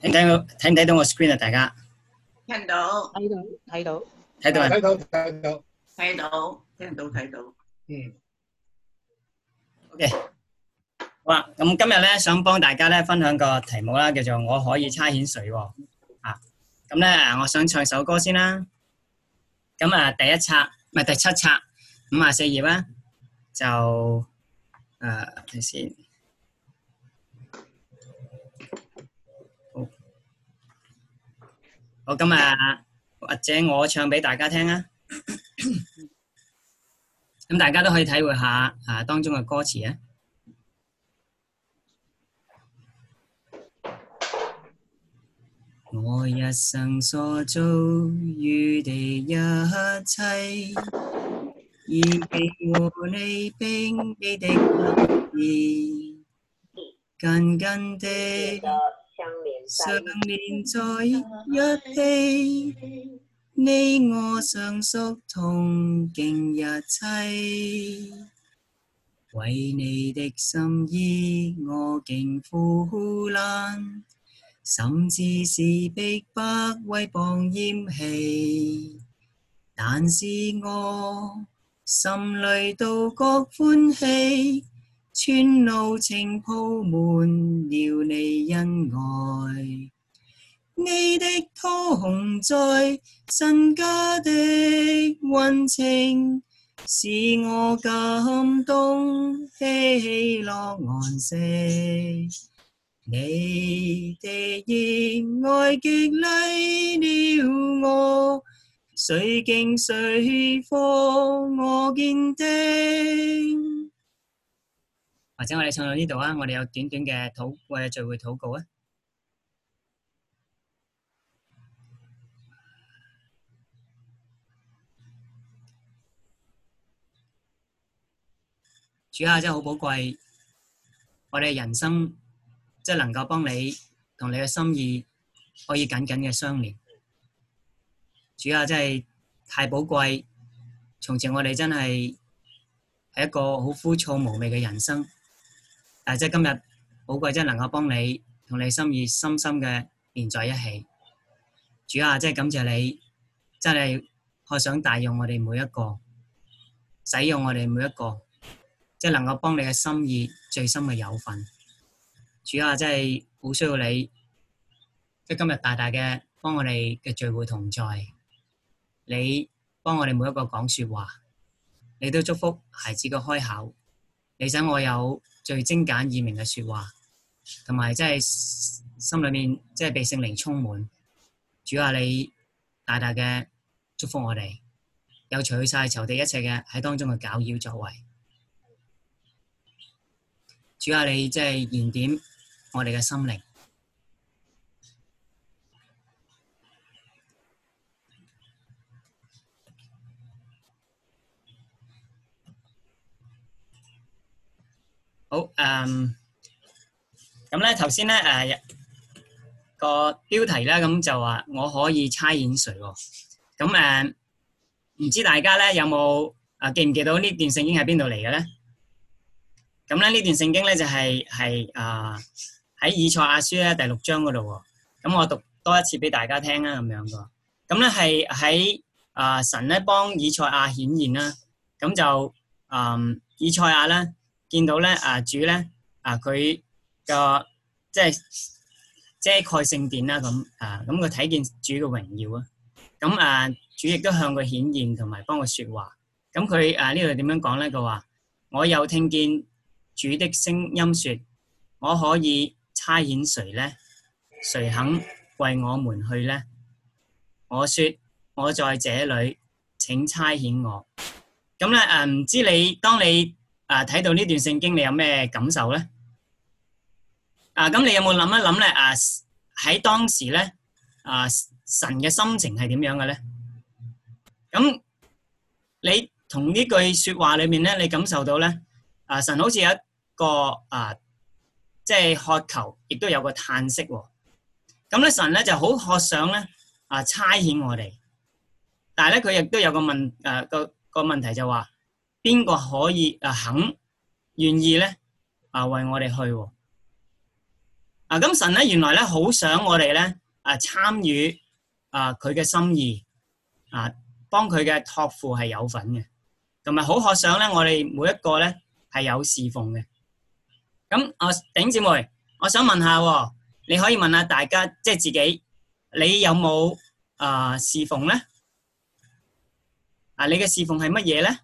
睇唔睇到我 screen 啊？大家聽到睇到睇到睇到睇到睇到睇到聽到睇到嗯，OK 好啦，咁今日咧想幫大家咧分享個題目啦，叫做我可以差遣誰喎啊！咁咧，我想唱首歌先啦。咁啊，第一冊唔係第七冊五十四頁啦，就誒，睇先。我今日或者我唱畀大家聽啊！咁大家都可以體會下啊，當中嘅歌詞啊！我一生所遭遇的一切，已被和你冰結的友誼，緊緊的。常年在一起，你我常屬同敬一切。為你的心意，我竟呼累，甚至是被不為旁厭棄。但是我心裏都覺歡喜。村路情鋪滿了你恩愛，你的桃紅在神家的溫情，使我感動喜樂顏色，你的熱愛激勵了我，水境水火我堅定。或者我哋唱到呢度啊，我哋有短短嘅禱嘅聚會禱告啊！主啊，真係好寶貴，我哋嘅人生真係能夠幫你同你嘅心意可以緊緊嘅相連。主啊，真係太寶貴！從前我哋真係係一個好枯燥無味嘅人生。啊！即係今日寶貴，真係能夠幫你同你心意深深嘅連在一起。主啊，真係感謝你，真係好想大用我哋每一個，使用我哋每一個，即係能夠幫你嘅心意最深嘅有份。主啊，真係好需要你，即係今日大大嘅幫我哋嘅聚會同在，你幫我哋每一個講說話，你都祝福孩子嘅開口，你使我有。最精簡易明嘅説話，同埋即係心裏面即係被聖靈充滿。主啊，你大大嘅祝福我哋，有除晒曬仇敵一切嘅喺當中嘅攪擾作為。主啊，你即係燃點我哋嘅心靈。好，嗯，咁咧，頭先咧，誒、那，個標題咧，咁就話我可以差遣誰喎，咁誒，唔、嗯、知大家咧有冇啊記唔記到呢，呢段聖經喺邊度嚟嘅咧？咁咧呢段聖經咧就係係啊喺以賽亞書咧第六章嗰度喎，咁我讀多一次俾大家聽啦，咁樣㗎。咁咧係喺啊神咧幫以賽亞顯現啦，咁就嗯以賽亞咧。見到咧，啊主咧，啊佢個即係遮蓋聖殿啦，咁啊咁佢睇見主嘅榮耀啊，咁啊主亦都向佢顯現同埋幫佢説話，咁佢啊呢度點樣講咧？佢話：我又聽見主的聲音說，說我可以差遣誰咧？誰肯為我們去咧？我說我在這裏，請差遣我。咁咧，誒、啊、唔知你當你？啊！睇到呢段聖經，你有咩感受咧？啊！咁你有冇諗一諗咧？啊！喺當時咧，啊神嘅心情係點樣嘅咧？咁、啊、你同呢句說話裏面咧，你感受到咧？啊神好似有一個啊，即係渴求，亦都有個嘆息、哦。咁、啊、咧，神咧就好渴想咧啊差遣我哋，但係咧佢亦都有個問誒、啊、個個問題就話、是。邊個可以啊肯願意咧啊為我哋去啊？咁神咧原來咧好想我哋咧啊參與啊佢嘅心意啊幫佢嘅託付係有份嘅，同埋好渴望咧我哋每一個咧係有侍奉嘅。咁啊丁姐妹，我想問下喎，你可以問下大家，即係自己你有冇啊侍奉咧？啊你嘅侍奉係乜嘢咧？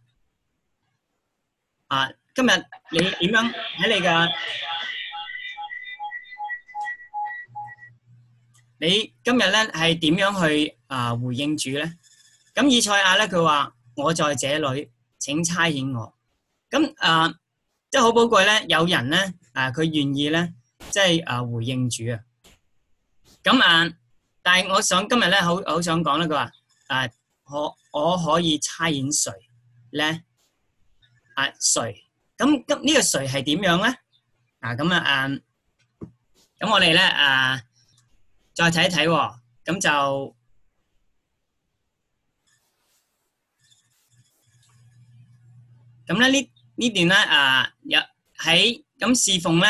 啊！今日你點樣喺你嘅？你今日咧係點樣去啊回應主咧？咁以賽亞咧，佢話：我在這裏，請差遣我。咁啊，即係好寶貴咧，有人咧啊，佢願意咧，即係啊回應主啊。咁啊，但係我想今日咧，好好想講咧，佢話：啊，我我可以差遣誰咧？啊誰？咁咁呢個誰係點樣咧？啊咁啊，嗯，咁我哋咧啊，再睇一睇喎。咁就咁咧呢呢段咧啊，有喺咁侍奉咧，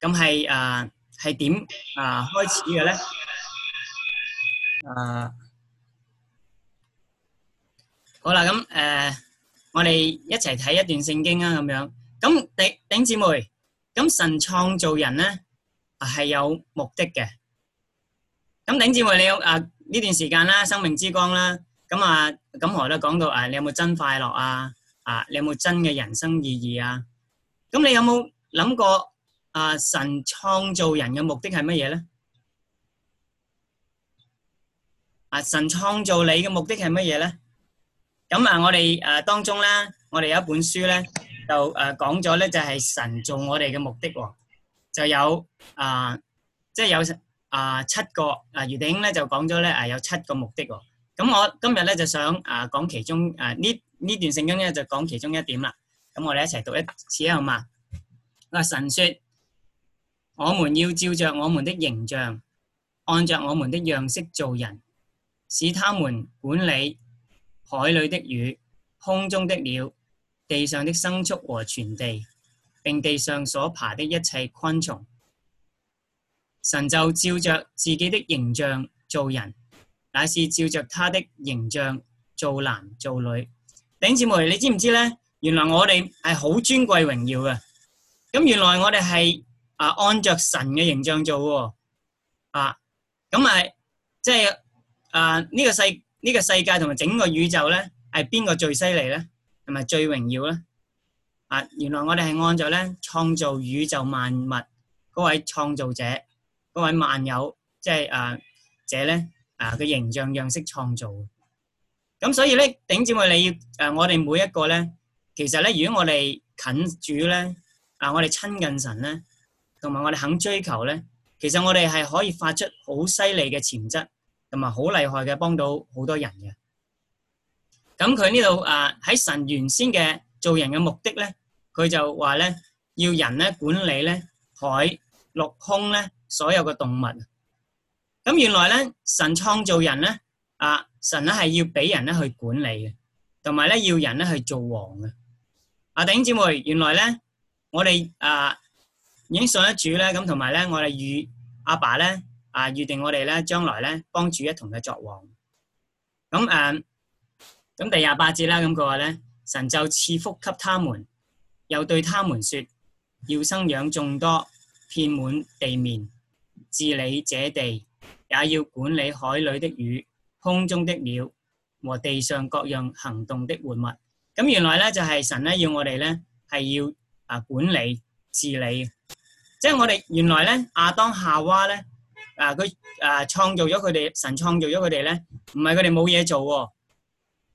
咁係啊係點啊開始嘅咧？啊好啦，咁誒。我哋一齊睇一段聖經啊，咁樣咁頂頂姊妹，咁神創造人咧係有目的嘅。咁頂姊妹，你啊呢段時間啦，生命之光啦，咁啊咁我都講到啊，你有冇真快樂啊？啊，你有冇真嘅人生意義啊？咁你有冇諗過啊？神創造人嘅目的係乜嘢咧？啊，神創造你嘅目的係乜嘢咧？咁啊，我哋誒當中咧，我哋有一本書咧，就誒講咗咧，就係神做我哋嘅目的喎，就有啊、即、呃、係、就是、有啊、呃、七個啊，余定英咧就講咗咧啊，有七個目的喎。咁我今日咧就想啊講其中誒呢呢段聖經咧就講其中一點啦。咁我哋一齊讀一次啊，好嘛？我神說，我們要照着我們的形象，按着我們的樣式造人，使他們管理。海裏的魚、空中的鳥、地上的牲畜和全地，並地上所爬的一切昆蟲，神就照着自己的形象造人，乃是照着他的形象造男造女。頂姊妹，你知唔知咧？原來我哋係好尊貴榮耀嘅，咁原來我哋係啊按着神嘅形象做喎，啊，咁咪即係啊呢、這個世。呢個世界同埋整個宇宙咧，係邊個最犀利咧？同埋最榮耀咧？啊，原來我哋係按照咧創造宇宙萬物嗰位創造者，嗰位萬有即係啊者咧啊嘅形象樣式創造嘅。咁所以咧，頂住我你誒，我哋每一個咧，其實咧，如果我哋近主咧，啊，我哋親近神咧，同埋我哋肯追求咧，其實我哋係可以發出好犀利嘅潛質。同埋好厲害嘅，幫到好多人嘅。咁佢呢度啊，喺神原先嘅做人嘅目的咧，佢就話咧，要人咧管理咧海陸空咧所有嘅動物。咁原來咧，神創造人咧，啊神咧係要俾人咧去管理嘅，同埋咧要人咧去做王嘅。阿頂姊妹，原來咧我哋啊已經信得主咧，咁同埋咧我哋與阿爸咧。啊！預定我哋咧，將來咧，幫主一同嘅作王。咁誒，咁、啊、第廿八節啦。咁佢話咧，神就賜福給他們，又對他們說：要生養眾多，遍滿地面，治理這地，也要管理海裏的魚、空中的鳥和地上各樣行動的活物。咁原來咧就係、是、神咧要我哋咧係要啊管理治理。即、就、係、是、我哋原來咧亞當夏娃咧。啊！佢啊，創造咗佢哋，神創造咗佢哋咧，唔係佢哋冇嘢做喎。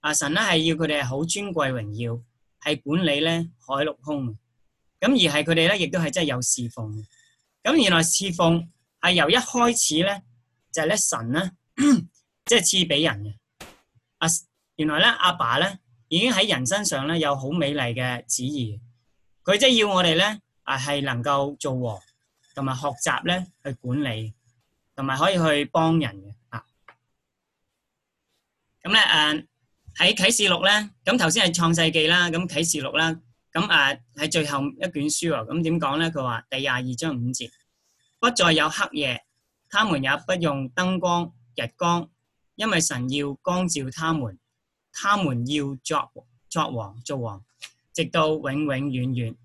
啊，神咧係要佢哋係好尊貴榮耀，係管理咧海陸空。咁而係佢哋咧，亦都係真係有侍奉。咁原來侍奉係由一開始咧，就係咧神咧，即係賜俾人嘅。啊，原來咧阿爸咧已經喺人身上咧有好美麗嘅旨意，佢即係要我哋咧啊係能夠做王，同埋學習咧去管理。同埋可以去幫人嘅啊！咁咧誒喺啟示錄咧，咁頭先係創世記啦，咁啟示錄啦，咁誒喺最後一卷書喎，咁點講咧？佢話第廿二章五節，不再有黑夜，他們也不用燈光日光，因為神要光照他們，他們要作作王作王，直到永永遠遠。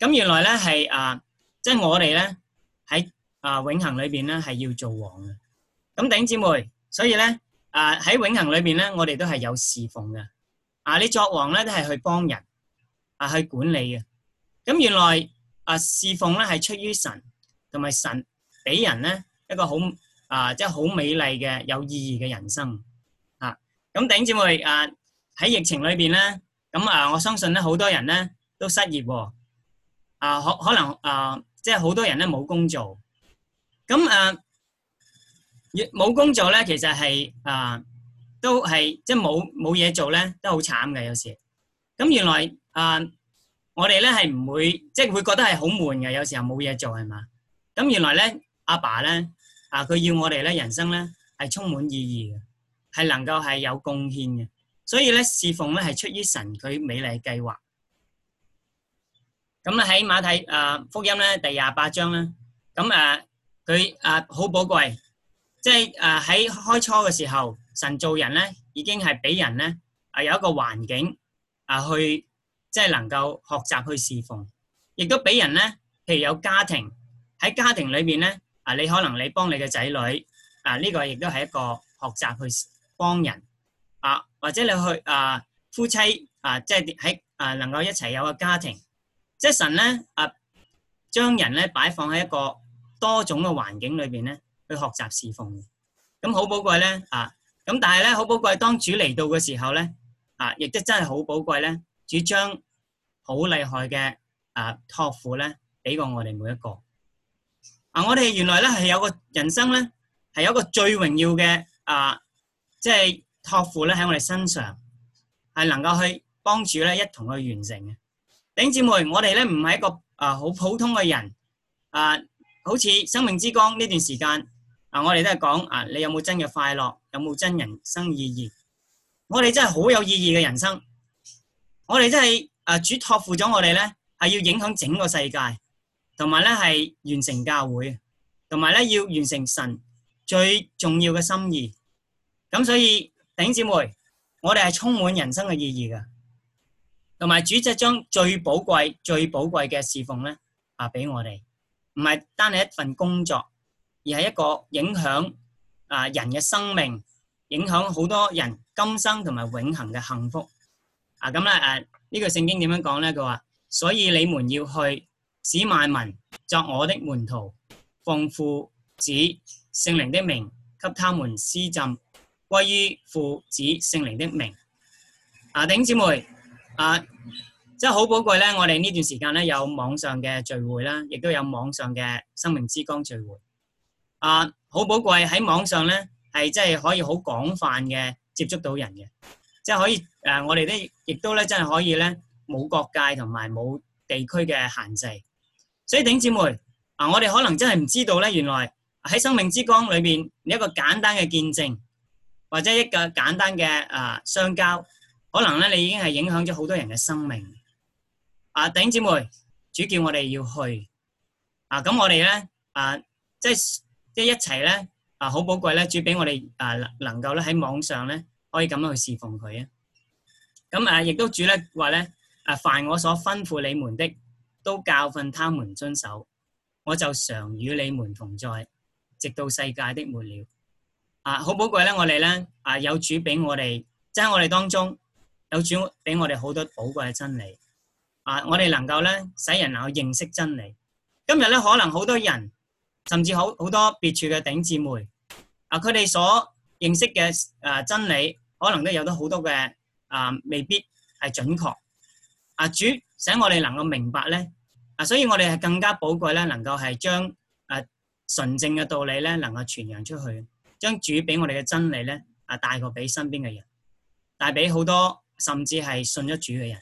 咁原來咧係啊，即係我哋咧喺。啊，永恆裏邊咧係要做王嘅，咁頂姐妹，所以咧啊喺永恆裏邊咧，我哋都係有侍奉嘅。啊，你作王咧都係去幫人，啊去管理嘅。咁原來啊侍奉咧係出於神，同埋神俾人咧一個好啊即係好美麗嘅有意義嘅人生啊。咁頂姐妹啊喺疫情裏邊咧，咁啊我相信咧好多人咧都失業，啊可可能啊即係好多人咧冇工做。咁誒，冇工作咧，其實係啊，都係即係冇冇嘢做咧，都好慘嘅有時。咁原來誒，我哋咧係唔會，即係會覺得係好悶嘅，有時候冇嘢做係嘛。咁原來咧，阿爸咧啊，佢要我哋咧，人生咧係充滿意義嘅，係能夠係有貢獻嘅。所以咧，侍奉咧係出於神佢美麗計劃。咁咧喺馬太誒福音咧第廿八章啦，咁誒。佢啊好寶貴，即係啊喺開初嘅時候，神造人咧，已經係俾人咧，啊有一個環境啊去即係能夠學習去侍奉，亦都俾人咧，譬如有家庭喺家庭裏面咧啊，你可能你幫你嘅仔女啊，呢個亦都係一個學習去幫人啊，或者你去啊夫妻啊，即係喺啊能夠一齊有一個家庭，即係神咧啊將人咧擺放喺一個多種嘅環境裏邊咧，去學習侍奉嘅，咁好寶貴咧啊！咁但係咧，好寶貴。當主嚟到嘅時候咧，啊，亦都真係好寶貴咧。主將好厲害嘅啊託付咧，俾過我哋每一個啊。我哋原來咧係有個人生咧，係有一個最榮耀嘅啊，即係託付咧喺我哋身上，係能夠去幫主咧一同去完成嘅。頂姊妹，我哋咧唔係一個啊好普通嘅人啊。好似生命之光呢段時間，啊，我哋都係講啊，你有冇真嘅快樂，有冇真人生意義？我哋真係好有意義嘅人生，我哋真係啊，主託付咗我哋咧，係要影響整個世界，同埋咧係完成教會，同埋咧要完成神最重要嘅心意。咁所以弟兄姊妹，我哋係充滿人生嘅意義嘅，同埋主就將最寶貴、最寶貴嘅侍奉咧啊俾我哋。唔係單係一份工作，而係一個影響啊人嘅生命，影響好多人今生同埋永恒嘅幸福。啊咁咧，誒、嗯、呢、啊、句聖經點樣講咧？佢話，所以你們要去使萬民作我的門徒，奉父子聖靈的名給他們施浸，歸於父子聖靈的名。啊，弟兄姊妹啊。即係好寶貴咧！我哋呢段時間咧，有網上嘅聚會啦，亦都有網上嘅生命之光聚會。啊，好寶貴喺網上咧，係即係可以好廣泛嘅接觸到人嘅，即係可以誒、啊，我哋都亦都咧，真係可以咧，冇國界同埋冇地區嘅限制。所以頂姊妹啊，我哋可能真係唔知道咧，原來喺生命之光裏邊，你一個簡單嘅見證，或者一個簡單嘅誒相交，可能咧你已經係影響咗好多人嘅生命。啊！弟兄姊妹，主叫我哋要去啊！咁我哋咧啊，即係即係一齊咧啊，好寶貴咧！主俾我哋啊，能夠咧喺網上咧，可以咁樣去侍奉佢啊！咁啊，亦都主咧話咧啊，凡我所吩咐你們的，都教訓他們遵守，我就常與你們同在，直到世界的末了。啊！好寶貴咧，我哋咧啊，有主俾我哋，即係我哋當中有主俾我哋好多寶貴嘅真理。啊！我哋能夠咧，使人能夠認識真理。今日咧，可能好多人，甚至好好多別處嘅頂姊妹，啊，佢哋所認識嘅誒真理，可能都有咗好多嘅啊，未必係準確。啊，主使我哋能夠明白咧，啊，所以我哋係更加寶貴咧，能夠係將誒純正嘅道理咧，能夠傳揚出去，將主俾我哋嘅真理咧，啊，帶過俾身邊嘅人，帶俾好多甚至係信咗主嘅人。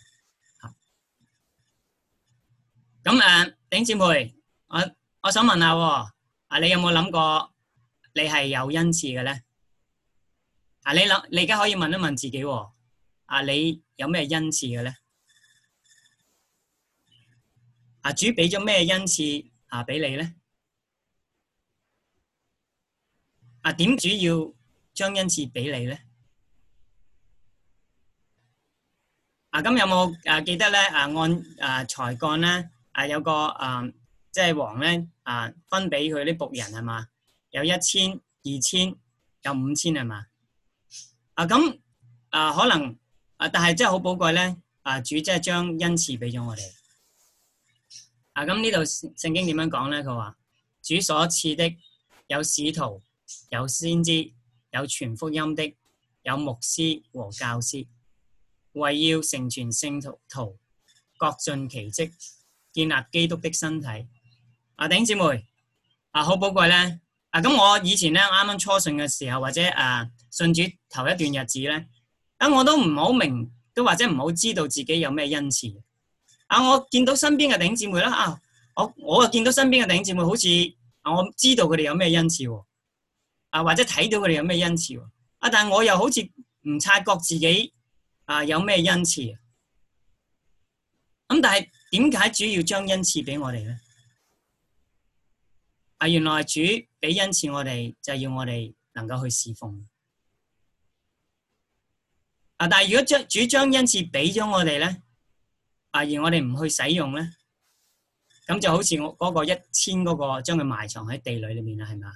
咁誒，丁姊妹，我我想問下喎，啊，你有冇諗過你係有恩賜嘅咧？啊，你諗，你而家可以問一問自己喎，啊，你有咩恩賜嘅咧？啊，主俾咗咩恩賜啊俾你咧？啊，點主要將恩賜俾你咧？啊，咁有冇誒記得咧？啊，按誒才幹咧？啊，有個誒、呃，即係王咧，啊、呃、分俾佢啲僕人係嘛，有一千、二千、有五千係嘛。啊咁啊、呃，可能是是啊，但係真係好寶貴咧。啊主即係將恩賜俾咗我哋。啊咁呢度聖經點樣講咧？佢話主所賜的有使徒，有先知，有傳福音的，有牧師和教師，為要成全聖徒，各盡其職。建立基督的身體，啊弟兄姊妹，啊好寶貴咧，啊咁我以前咧啱啱初信嘅時候，或者啊信主頭一段日子咧，咁、啊、我都唔好明，都或者唔好知道自己有咩恩賜。啊，我見到身邊嘅弟兄姊妹啦，啊我我啊見到身邊嘅弟兄姊妹，好似啊我知道佢哋有咩恩賜，啊或者睇到佢哋有咩恩賜，啊但我又好似唔察覺自己啊有咩恩賜，咁、啊、但係。點解主要將恩賜俾我哋咧？啊，原來主俾恩賜我哋，就係要我哋能夠去侍奉。啊，但係如果將主將恩賜俾咗我哋咧，啊，而我哋唔去使用咧，咁就好似我嗰個一千嗰個，將佢埋藏喺地裏裏面啦，係咪？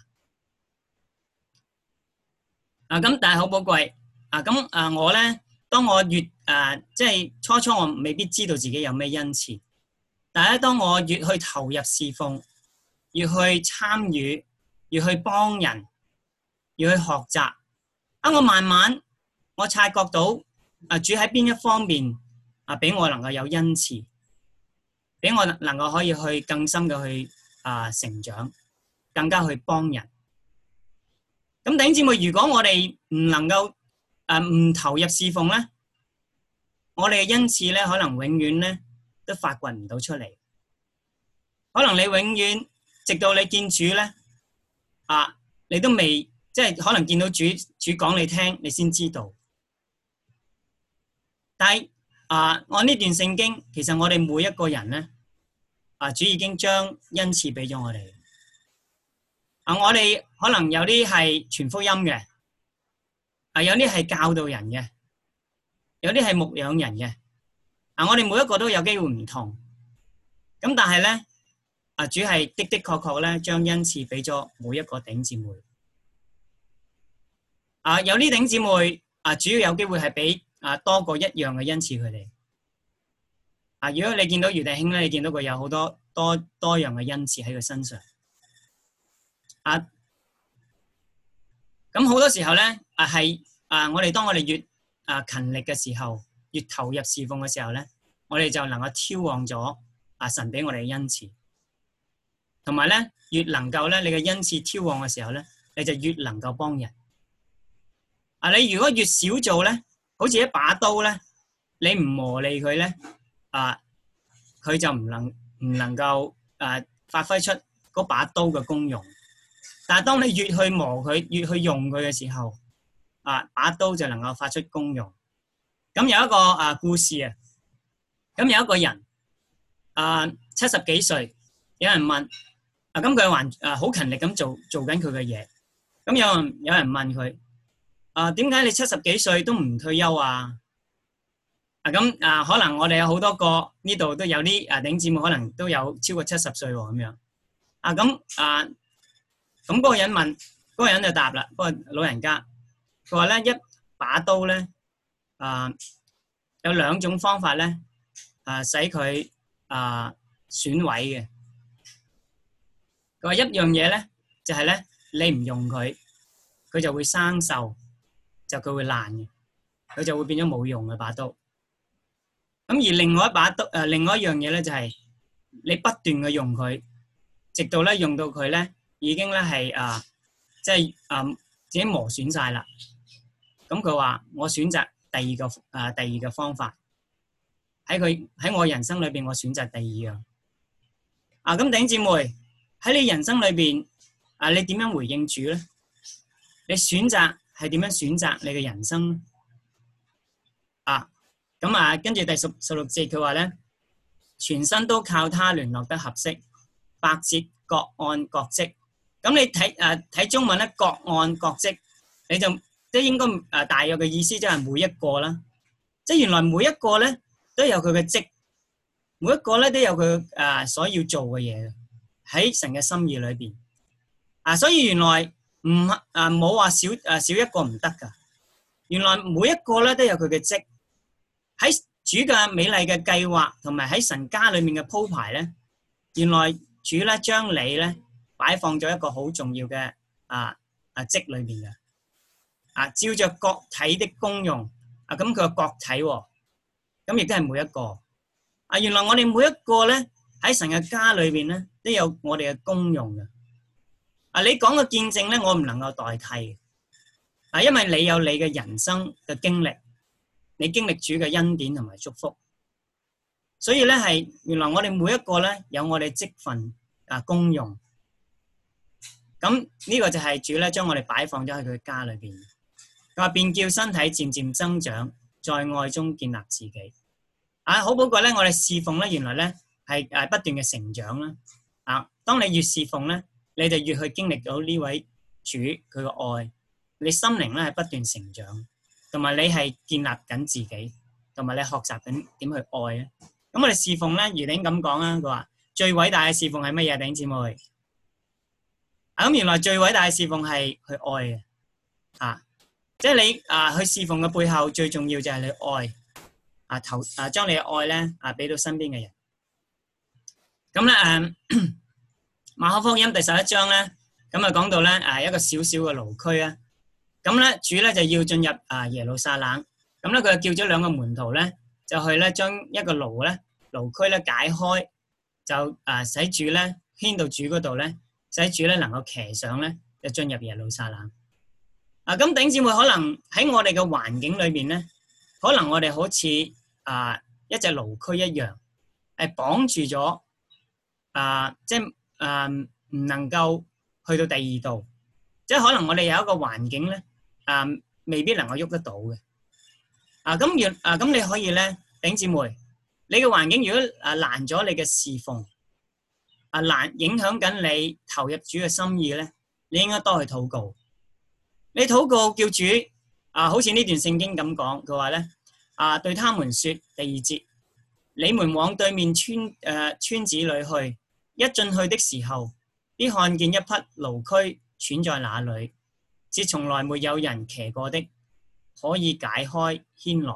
啊，咁但係好寶貴。啊，咁啊，我咧，當我越啊，即係初初我未必知道自己有咩恩賜。但係，當我越去投入侍奉，越去參與，越去幫人，越去學習，啊，我慢慢我察覺到啊，主喺邊一方面啊，俾我能夠有恩賜，俾我能夠可以去更深嘅，去啊，成長，更加去幫人。咁弟兄姊妹，如果我哋唔能夠誒唔投入侍奉咧，我哋嘅恩賜咧，可能永遠咧，都發掘唔到出嚟，可能你永遠直到你見主咧，啊，你都未即係可能見到主，主講你聽，你先知道。但係啊，按呢段聖經，其實我哋每一個人咧，啊，主已經將恩賜俾咗我哋。啊，我哋可能有啲係傳福音嘅，啊，有啲係教導人嘅，有啲係牧養人嘅。啊，我哋每一個都有機會唔同，咁但係咧，啊，主係的的確確咧，將恩賜俾咗每一個頂姊妹。啊，有呢頂姊妹，啊，主要有機會係俾啊多過一樣嘅恩賜佢哋。啊，如果你見到余弟兄咧，你見到佢有好多多多樣嘅恩賜喺佢身上。啊，咁好多時候咧，啊係啊，我哋當我哋越啊勤力嘅時候。越投入侍奉嘅時候咧，我哋就能夠挑旺咗啊，神俾我哋嘅恩賜，同埋咧越能夠咧你嘅恩賜挑旺嘅時候咧，你就越能夠幫人。啊，你如果越少做咧，好似一把刀咧，你唔磨利佢咧啊，佢就唔能唔能夠啊發揮出嗰把刀嘅功用。但係當你越去磨佢，越去用佢嘅時候啊，把刀就能夠發出功用。咁有一個啊故事啊，咁有一個人啊七十幾歲，有人問啊，咁佢還啊好勤力咁做做緊佢嘅嘢，咁有有人問佢啊，點解你七十幾歲都唔退休啊？啊咁啊，可能我哋有好多個呢度都有啲啊頂尖，可能都有超過七十歲喎咁樣。啊咁啊，咁嗰個人問，嗰個人就答啦，嗰個老人家，佢話咧一把刀咧。啊，有兩種方法咧，啊，使佢啊損毀嘅。佢話一樣嘢咧，就係咧，你唔用佢，佢就會生鏽，就佢會爛嘅，佢就會變咗冇用嘅把刀。咁而另外一把刀，誒，另外一樣嘢咧，就係你不斷嘅用佢，直到咧用到佢咧已經咧係啊，即係啊自己磨損晒啦。咁佢話：我選擇。第二個啊，第二個方法喺佢喺我人生裏邊，我選擇第二樣啊。咁頂姊妹喺你人生裏邊啊，你點樣回應主咧？你選擇係點樣選擇你嘅人生咧？啊，咁啊，跟住第十十六節佢話咧，全身都靠他聯絡得合適，百節各按各職。咁你睇啊睇中文咧，各按各職，你就。即應該誒大約嘅意思，即係每一個啦。即係原來每一個咧都有佢嘅職，每一個咧都有佢誒所要做嘅嘢喺神嘅心意裏邊。啊，所以原來唔誒冇話少誒少一個唔得㗎。原來每一個咧都有佢嘅職喺主嘅美麗嘅計劃同埋喺神家裏面嘅鋪排咧。原來主咧將你咧擺放咗一個好重要嘅啊啊職裏面嘅。啊！照著各體的功用，啊咁佢個各體，咁亦都係每一個。啊，原來我哋每一個咧喺神嘅家裏邊咧，都有我哋嘅功用嘅。啊，你講嘅見證咧，我唔能夠代替，啊，因為你有你嘅人生嘅經歷，你經歷主嘅恩典同埋祝福，所以咧係原來我哋每一個咧有我哋職份啊功用，咁呢個就係主咧將我哋擺放咗喺佢嘅家裏邊。佢話變叫身體漸漸增長，在愛中建立自己。啊，好寶貴咧！我哋侍奉咧，原來咧係誒不斷嘅成長啦。啊，當你越侍奉咧，你就越去經歷到呢位主佢嘅愛，你心靈咧係不斷成長，同埋你係建立緊自己，同埋你學習緊點去愛咧。咁我哋侍奉咧，如你咁講啊，佢話最偉大嘅侍奉係乜嘢？弟兄姊妹，咁原來最偉大嘅侍奉係去愛嘅，啊。即係你啊，去侍奉嘅背後最重要就係你愛，啊投，啊將你嘅愛咧啊俾到身邊嘅人。咁咧誒，馬可福音第十一章咧，咁啊講到咧啊一個小小嘅驢駒啊。咁咧主咧就要進入啊耶路撒冷。咁咧佢就叫咗兩個門徒咧，就去咧將一個驢咧驢駒咧解開，就啊使主咧牽到主嗰度咧，使主咧能夠騎上咧就進入耶路撒冷。啊！咁頂姊妹可能喺我哋嘅環境裏面咧，可能我哋好似啊一隻牢區一樣，係綁住咗啊，即係啊唔能夠去到第二度，即係可能我哋有一個環境咧啊，未必能夠喐得到嘅。啊咁，若啊咁你可以咧，頂姊妹，你嘅環境如果啊難咗你嘅侍奉，啊難影響緊你投入主嘅心意咧，你應該多去禱告。你禱告叫主，啊，好似呢段聖經咁講，佢話咧，啊，對他們說，第二節，你們往對面村誒村子裏去，一進去的時候，必看見一匹驢駒拴在那裏，是從來沒有人騎過的，可以解開牽來。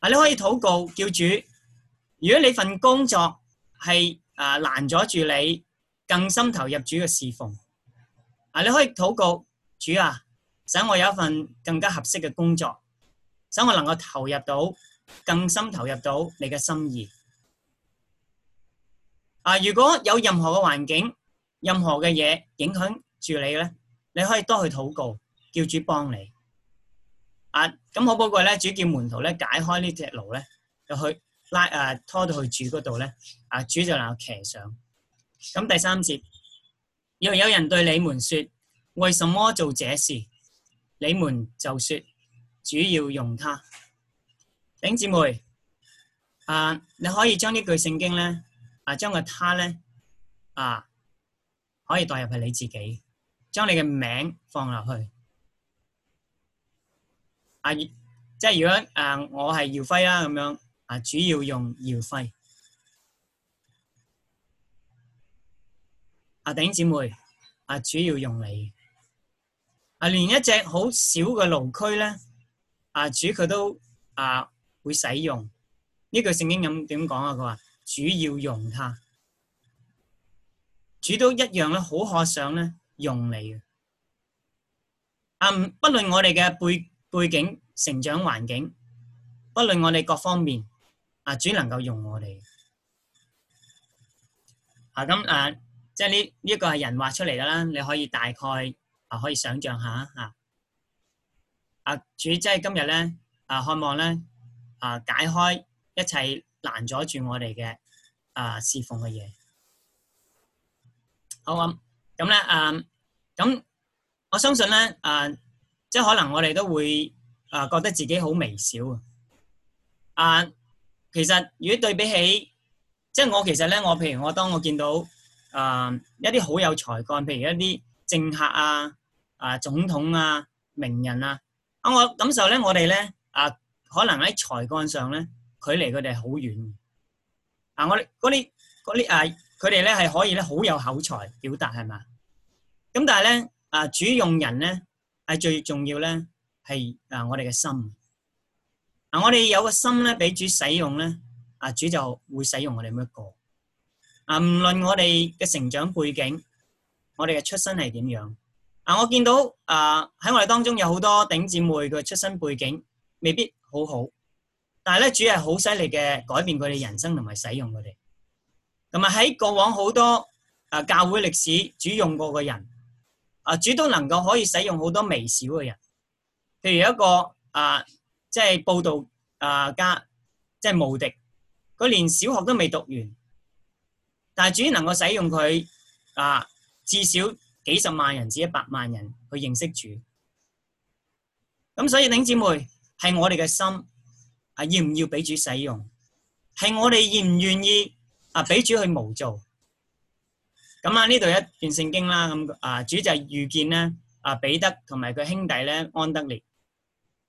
啊，你可以禱告叫主，如果你份工作係啊攔阻住你，更深投入主嘅侍奉，啊，你可以禱告。主啊，使我有一份更加合適嘅工作，使我能夠投入到，更深投入到你嘅心意。啊，如果有任何嘅環境、任何嘅嘢，影響住你咧，你可以多去禱告，叫主幫你。啊，咁好寶貴咧，主叫門徒咧解開呢隻驢，咧，就去拉啊拖到去主嗰度咧，啊主就能騎上。咁第三節，若有人對你們說，為什麼做這事？你們就說，主要用他。頂姐妹，啊，你可以將呢句聖經咧，啊，將個他咧，啊，可以代入去你自己，將你嘅名放落去。啊，即係如果啊，我係耀輝啦，咁樣啊，主要用耀輝。啊，頂姐妹，啊，主要用你。啊！連一隻好小嘅驢駒咧，啊，主佢都啊會使用，呢句聖經咁點講啊？佢話主要用它，主都一樣咧，好可想咧用你嘅。啊，不論我哋嘅背背景、成長環境，不論我哋各方面，啊，主能夠用我哋。啊咁啊，即係呢呢一個係人畫出嚟噶啦，你可以大概。啊，可以想象下啊，啊，主，即係今日咧，啊，渴望咧，啊，解開一切難阻住我哋嘅啊，侍奉嘅嘢。好咁咁咧啊，咁，啊，我相信咧啊，即係可能我哋都會啊，覺得自己好微小啊。其實如果對比起，即係我其實咧，我譬如我當我見到啊，一啲好有才幹，譬如一啲。政客啊，啊總統啊，名人啊，啊我感受咧，我哋咧啊，可能喺才幹上咧，距離佢哋好遠。啊，我嗰啲嗰啲啊，佢哋咧係可以咧好有口才表達，係嘛？咁但係咧啊，主用人咧係最重要咧，係啊我哋嘅心。啊，我哋有個心咧，俾主使用咧，啊主就會使用我哋每一個。啊，唔論我哋嘅成長背景，我哋嘅出身係點樣？啊，我見到啊，喺我哋當中有好多頂姊妹嘅出身背景未必好好，但係咧，主要係好犀利嘅改變佢哋人生，同埋使用佢哋。同埋喺過往好多啊教會歷史，主用過嘅人，啊，主都能夠可以使用好多微小嘅人。譬如一個啊，即係報道啊家，即係無敵，佢連小學都未讀完，但係主要能夠使用佢啊。至少幾十萬人至一百萬人去認識主，咁所以弟兄姊妹，係我哋嘅心，係要唔要俾主使用？係我哋願唔願意啊？俾主去無造？咁啊？呢度一段聖經啦，咁啊，主就係預見咧，啊彼得同埋佢兄弟咧，安德烈，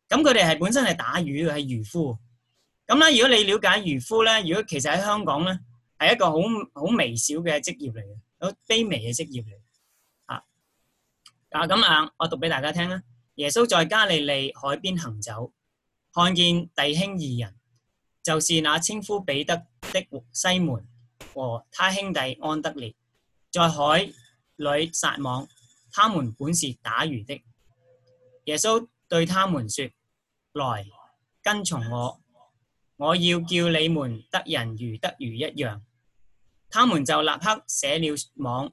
咁佢哋係本身係打魚嘅，係漁夫。咁咧，如果你了解漁夫咧，如果其實喺香港咧，係一個好好微小嘅職業嚟嘅。卑微嘅職業嚟，啊啊咁啊！我讀俾大家聽啊。耶穌在加利利海邊行走，看見弟兄二人，就是那稱呼彼得的西門和他兄弟安德烈，在海裏撒網。他們本是打魚的。耶穌對他們說：來跟從我，我要叫你們得人如得魚一樣。他們就立刻捨了網，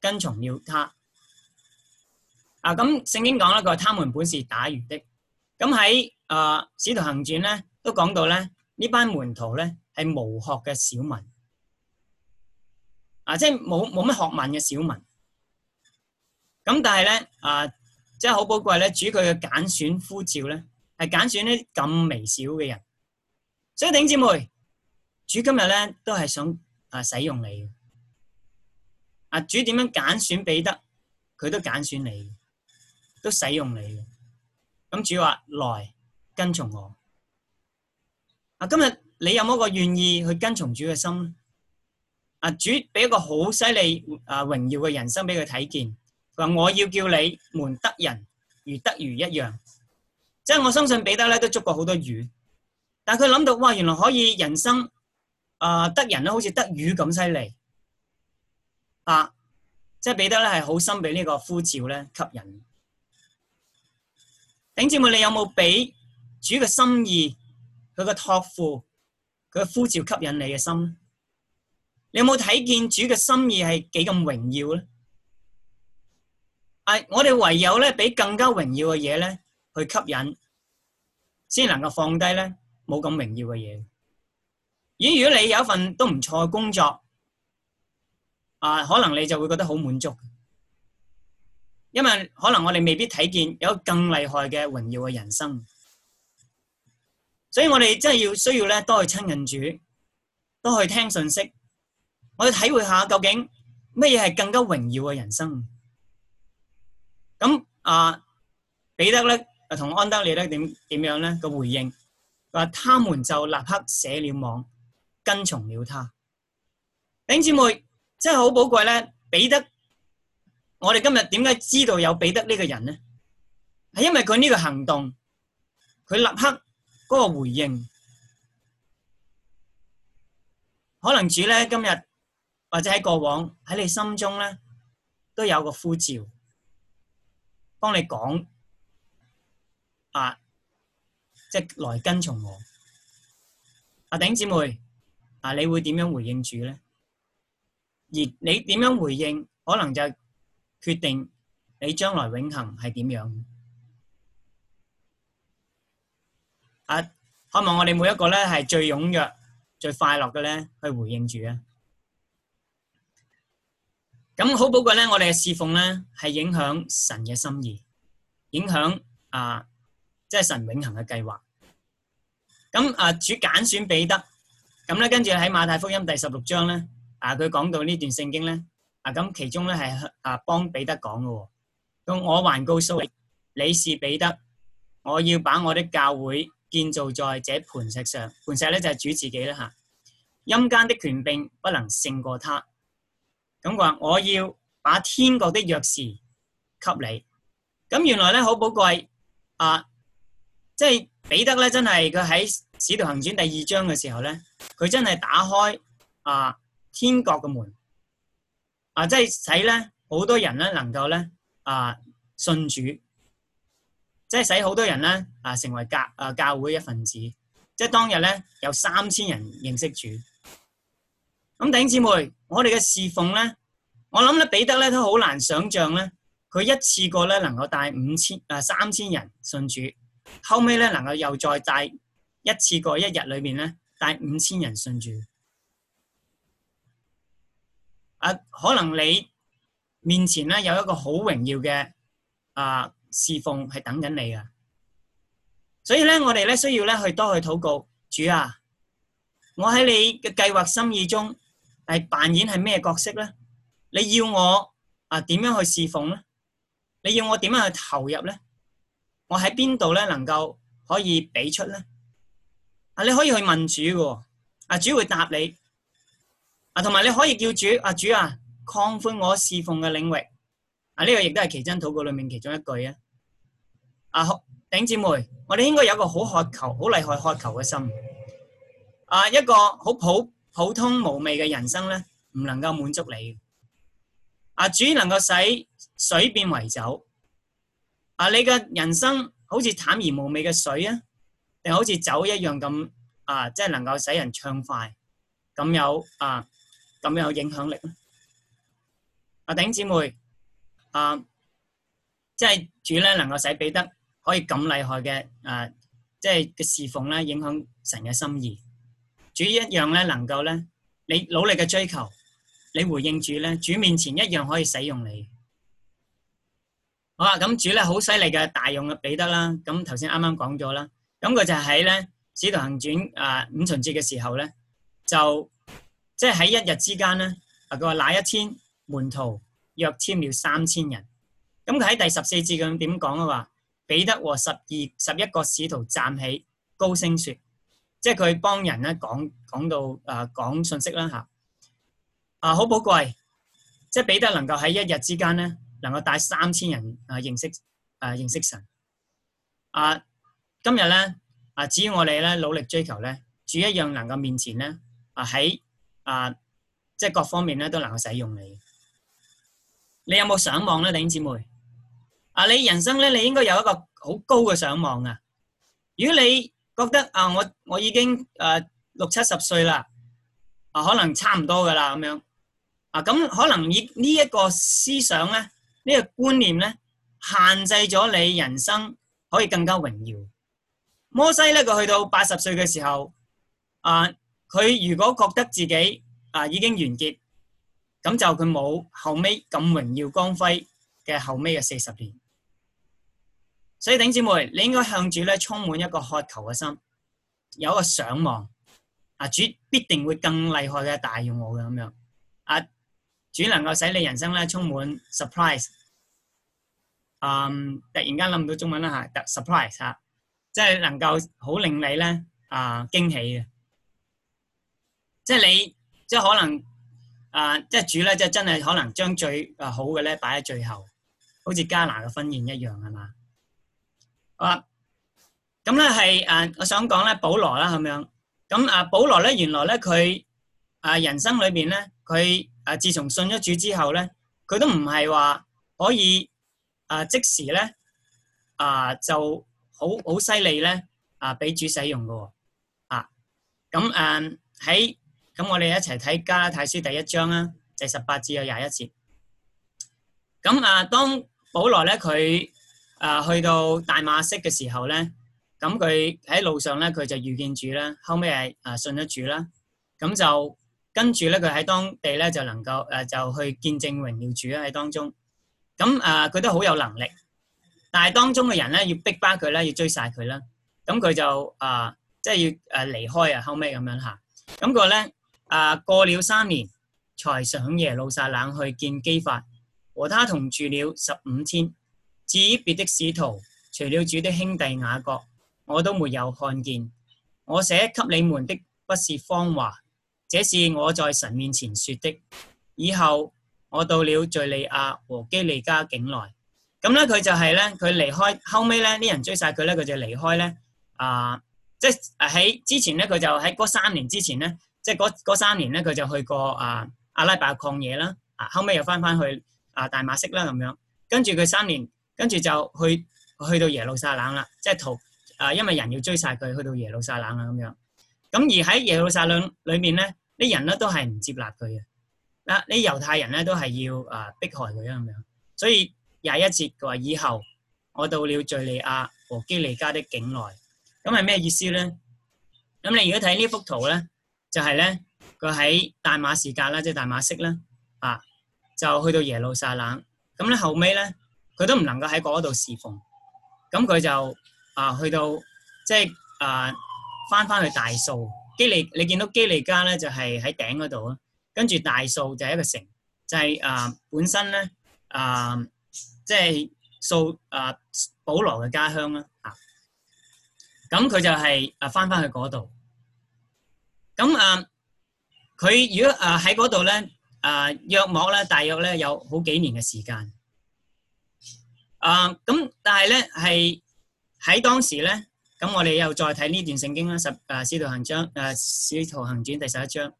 跟從了他。啊，咁聖經講咧，佢話他們本是打魚的。咁喺啊，使徒行傳咧都講到咧，呢班門徒咧係無學嘅小民。啊，即係冇冇乜學問嘅小民。咁但係咧啊，即係好寶貴咧，主佢嘅揀選呼召咧，係揀選呢咁微小嘅人。所以弟姊妹，主今日咧都係想。啊！使用你，阿、啊、主點樣揀選彼得，佢都揀選你，都使用你。咁、啊、主話：來，跟從我。啊！今日你有冇個願意去跟從主嘅心？阿、啊、主俾一個好犀利啊榮耀嘅人生俾佢睇見。佢話：我要叫你們得人如得魚一樣。即係我相信彼得咧都捉過好多魚，但係佢諗到哇，原來可以人生。啊、呃！得人咧，好似得魚咁犀利啊！即係彼得咧，係好心俾呢個呼召咧吸引。頂姊妹，你有冇俾主嘅心意、佢嘅託付、佢嘅呼召吸引你嘅心？你有冇睇見主嘅心意係幾咁榮耀咧？啊、哎！我哋唯有咧俾更加榮耀嘅嘢咧去吸引，先能夠放低咧冇咁榮耀嘅嘢。咦？如果你有一份都唔錯嘅工作，啊，可能你就會覺得好滿足，因為可能我哋未必睇見有更厲害嘅榮耀嘅人生，所以我哋真係要需要咧多去親近主，多去聽信息，我哋體會下究竟乜嘢係更加榮耀嘅人生。咁啊，彼得咧同安德烈咧點點樣咧個回應？話他們就立刻捨了網。跟從了他，頂姊妹真係好寶貴咧。彼得，我哋今日點解知道有彼得呢個人咧？係因為佢呢個行動，佢立刻嗰個回應，可能主咧今日或者喺過往喺你心中咧都有個呼召，幫你講啊，即係來跟從我，阿頂姊妹。啊！你會點樣回應主咧？而你點樣回應，可能就決定你將來永恆係點樣。啊！希望我哋每一個咧係最踴躍、最快樂嘅咧，去回應主啊！咁好寶貴咧，我哋嘅侍奉咧係影響神嘅心意，影響啊，即係神永恆嘅計劃。咁啊，主揀選彼得。咁咧，跟住喺《馬太福音》第十六章咧，啊，佢講到呢段聖經咧，啊，咁其中咧係啊幫彼得講嘅，咁、啊、我還告訴你，你是彼得，我要把我的教會建造在這磐石上，磐石咧就係主自己啦吓。陰、啊、間的權柄不能勝過他，咁、啊、話我要把天國的鑰匙給你。咁、啊、原來咧好寶貴，啊，即、就、係、是、彼得咧真係佢喺。使徒行傳第二章嘅時候咧，佢真係打開啊天國嘅門，啊即係使咧好多人咧能夠咧啊信主，即係使好多人咧啊成為教啊教會嘅一份子，即係當日咧有三千人認識主。咁弟兄姊妹，我哋嘅侍奉咧，我諗咧彼得咧都好難想象咧，佢一次過咧能夠帶五千啊三千人信主，後尾咧能夠又再帶。一次過一日裏面咧，帶五千人信住。啊，可能你面前咧有一個好榮耀嘅啊侍奉係等緊你噶，所以咧我哋咧需要咧去多去禱告主啊，我喺你嘅計劃心意中係扮演係咩角色咧？你要我啊點樣去侍奉咧？你要我點樣去投入咧？我喺邊度咧能夠可以俾出咧？啊，可以去問主嘅，啊主會答你，啊同埋你可以叫主，阿主啊，擴寬我侍奉嘅領域，啊呢個亦都係奇珍禱告裏面其中一句啊。啊頂姐妹，我哋應該有一個好渴求、好厲害渴求嘅心。啊，一個好普普通無味嘅人生咧，唔能夠滿足你。啊，主能夠使水變為酒。啊，你嘅人生好似淡而無味嘅水啊！定好似酒一樣咁啊，即係能夠使人暢快，咁有啊，咁有影響力咯。弟兄姊妹啊，即係主咧，能夠使彼得可以咁厲害嘅啊，即係嘅侍奉咧，影響神嘅心意。主一樣咧，能夠咧，你努力嘅追求，你回應主咧，主面前一樣可以使用你。好啊，咁主咧好犀利嘅大用嘅彼得啦，咁頭先啱啱講咗啦。咁佢就喺咧《使徒行傳啊、呃、五旬節嘅時候咧，就即係喺一日之間咧，啊佢話，那一天門徒約添了三千人。咁佢喺第十四節咁點講嘅話，彼得和十二十一個使徒站起高升，高聲說，即係佢幫人咧講講到啊講、呃、信息啦吓。啊好寶貴，即係、就是、彼得能夠喺一日之間咧，能夠帶三千人啊、呃、認識啊、呃、認識神。啊！今日咧啊，只要我哋咧努力追求咧，主一樣能夠面前咧啊，喺，啊即係各方面咧都能夠使用你。你有冇想望咧，弟兄姊妹？啊，你人生咧，你應該有一個好高嘅想望啊！如果你覺得啊，我我已經誒六七十歲啦，啊可能差唔多噶啦咁樣啊，咁可能以呢一個思想咧，呢個觀念咧，限制咗你人生可以更加榮耀。摩西咧，佢去到八十歲嘅時候，啊，佢如果覺得自己啊已經完結，咁就佢冇後尾咁榮耀光輝嘅後尾嘅四十年。所以頂姊妹，你應該向主咧充滿一個渴求嘅心，有一個上望，啊主必定會更厲害嘅大用我嘅咁樣，啊主能夠使你人生咧充滿 surprise。嗯，突然間諗唔到中文啦吓，叫 surprise 啊。即係能夠好令你咧啊驚喜嘅，即係你即係可能啊即係主咧，即係真係可能將最好嘅咧擺喺最後，好似迦拿嘅婚宴一樣係嘛？好啦，咁咧係啊，我想講咧保羅啦咁樣，咁啊保羅咧原來咧佢啊人生裏邊咧佢啊自從信咗主之後咧，佢都唔係話可以啊即時咧啊就。好好犀利咧！啊，俾主使用嘅喎，啊，咁誒喺咁我哋一齊睇加拉太書第一章啦，第十八至啊廿一節。咁啊，當保羅咧佢啊去到大馬色嘅時候咧，咁佢喺路上咧佢就遇見主啦，後尾係啊信咗主啦，咁就跟住咧佢喺當地咧就能夠誒就去見證榮耀主咧喺當中，咁啊佢都好有能力。但係當中嘅人咧，要逼巴佢咧，要追晒佢啦。咁佢就啊、呃，即係要誒離開啊，後尾咁樣嚇。咁個咧啊，過了三年，才上耶路撒冷去見基法，和他同住了十五天。至於別的使徒，除了主的兄弟雅各，我都沒有看見。我寫給你們的不是謊話，這是我在神面前説的。以後我到了敍利亞和基利加境內。咁咧佢就係咧，佢離開後尾咧，啲人追晒佢咧，佢就離開咧。啊、呃，即係喺之前咧，佢就喺嗰三年之前咧，即係嗰三年咧，佢就去過啊、呃、阿拉伯嘅礦野啦。啊，後尾又翻翻去啊、呃、大馬色啦咁樣，跟住佢三年，跟住就去去到耶路撒冷啦，即係逃啊！因為人要追晒佢，去到耶路撒冷啦咁樣。咁而喺耶路撒冷裏面咧，啲人咧都係唔接納佢嘅。嗱，啲猶太人咧都係要啊迫害佢啊咁樣，所以。廿一節佢話：以後我到了敘利亞和基利家的境內，咁係咩意思咧？咁你如果睇呢幅圖咧，就係咧佢喺大馬士革啦，即係大馬色啦，啊，就去到耶路撒冷。咁咧後尾咧，佢都唔能夠喺嗰度侍奉，咁佢就啊去到即係啊翻翻去大數基利。你見到基利家咧，就係喺頂嗰度啦。跟住大數就係一個城，就係啊本身咧啊。即係掃啊，呃、保羅嘅家鄉啦，啊，咁佢就係啊返返去嗰度，咁啊佢如果啊喺嗰度咧啊約莫咧大約咧有好幾年嘅時間，啊咁但係咧係喺當時咧，咁我哋又再睇呢段聖經啦，十啊使徒行章啊使徒行傳第十一章，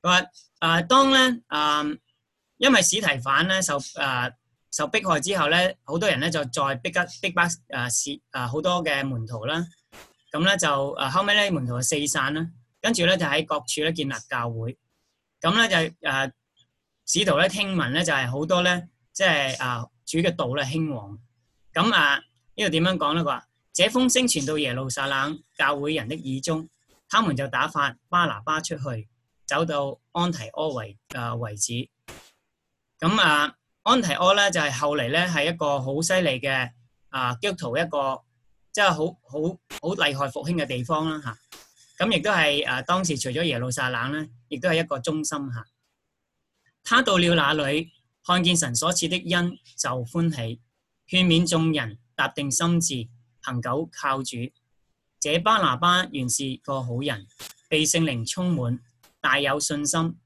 佢話啊當咧啊因為史提反咧受啊受迫害之後咧，好多人咧就再逼吉逼巴誒四誒好多嘅門徒啦，咁咧就誒、啊、後尾咧門徒就四散啦，跟住咧就喺各處咧建立教會，咁咧就誒使徒咧聽聞咧就係好多咧即係誒主嘅道咧興旺，咁啊呢度點樣講咧？佢話：這風聲傳到耶路撒冷教會人的耳中，他們就打發巴拿巴出去，走到安提阿為誒為止，咁啊。安提阿咧就係後嚟咧係一個好犀利嘅啊，基督徒一個即係好好好厲害復興嘅地方啦嚇。咁亦都係誒當時除咗耶路撒冷咧，亦都係一個中心嚇。他到了那裡，看見神所賜的恩就歡喜，勸勉眾人，踏定心志，恆久靠主。這巴拿巴原是個好人，被聖靈充滿，大有信心，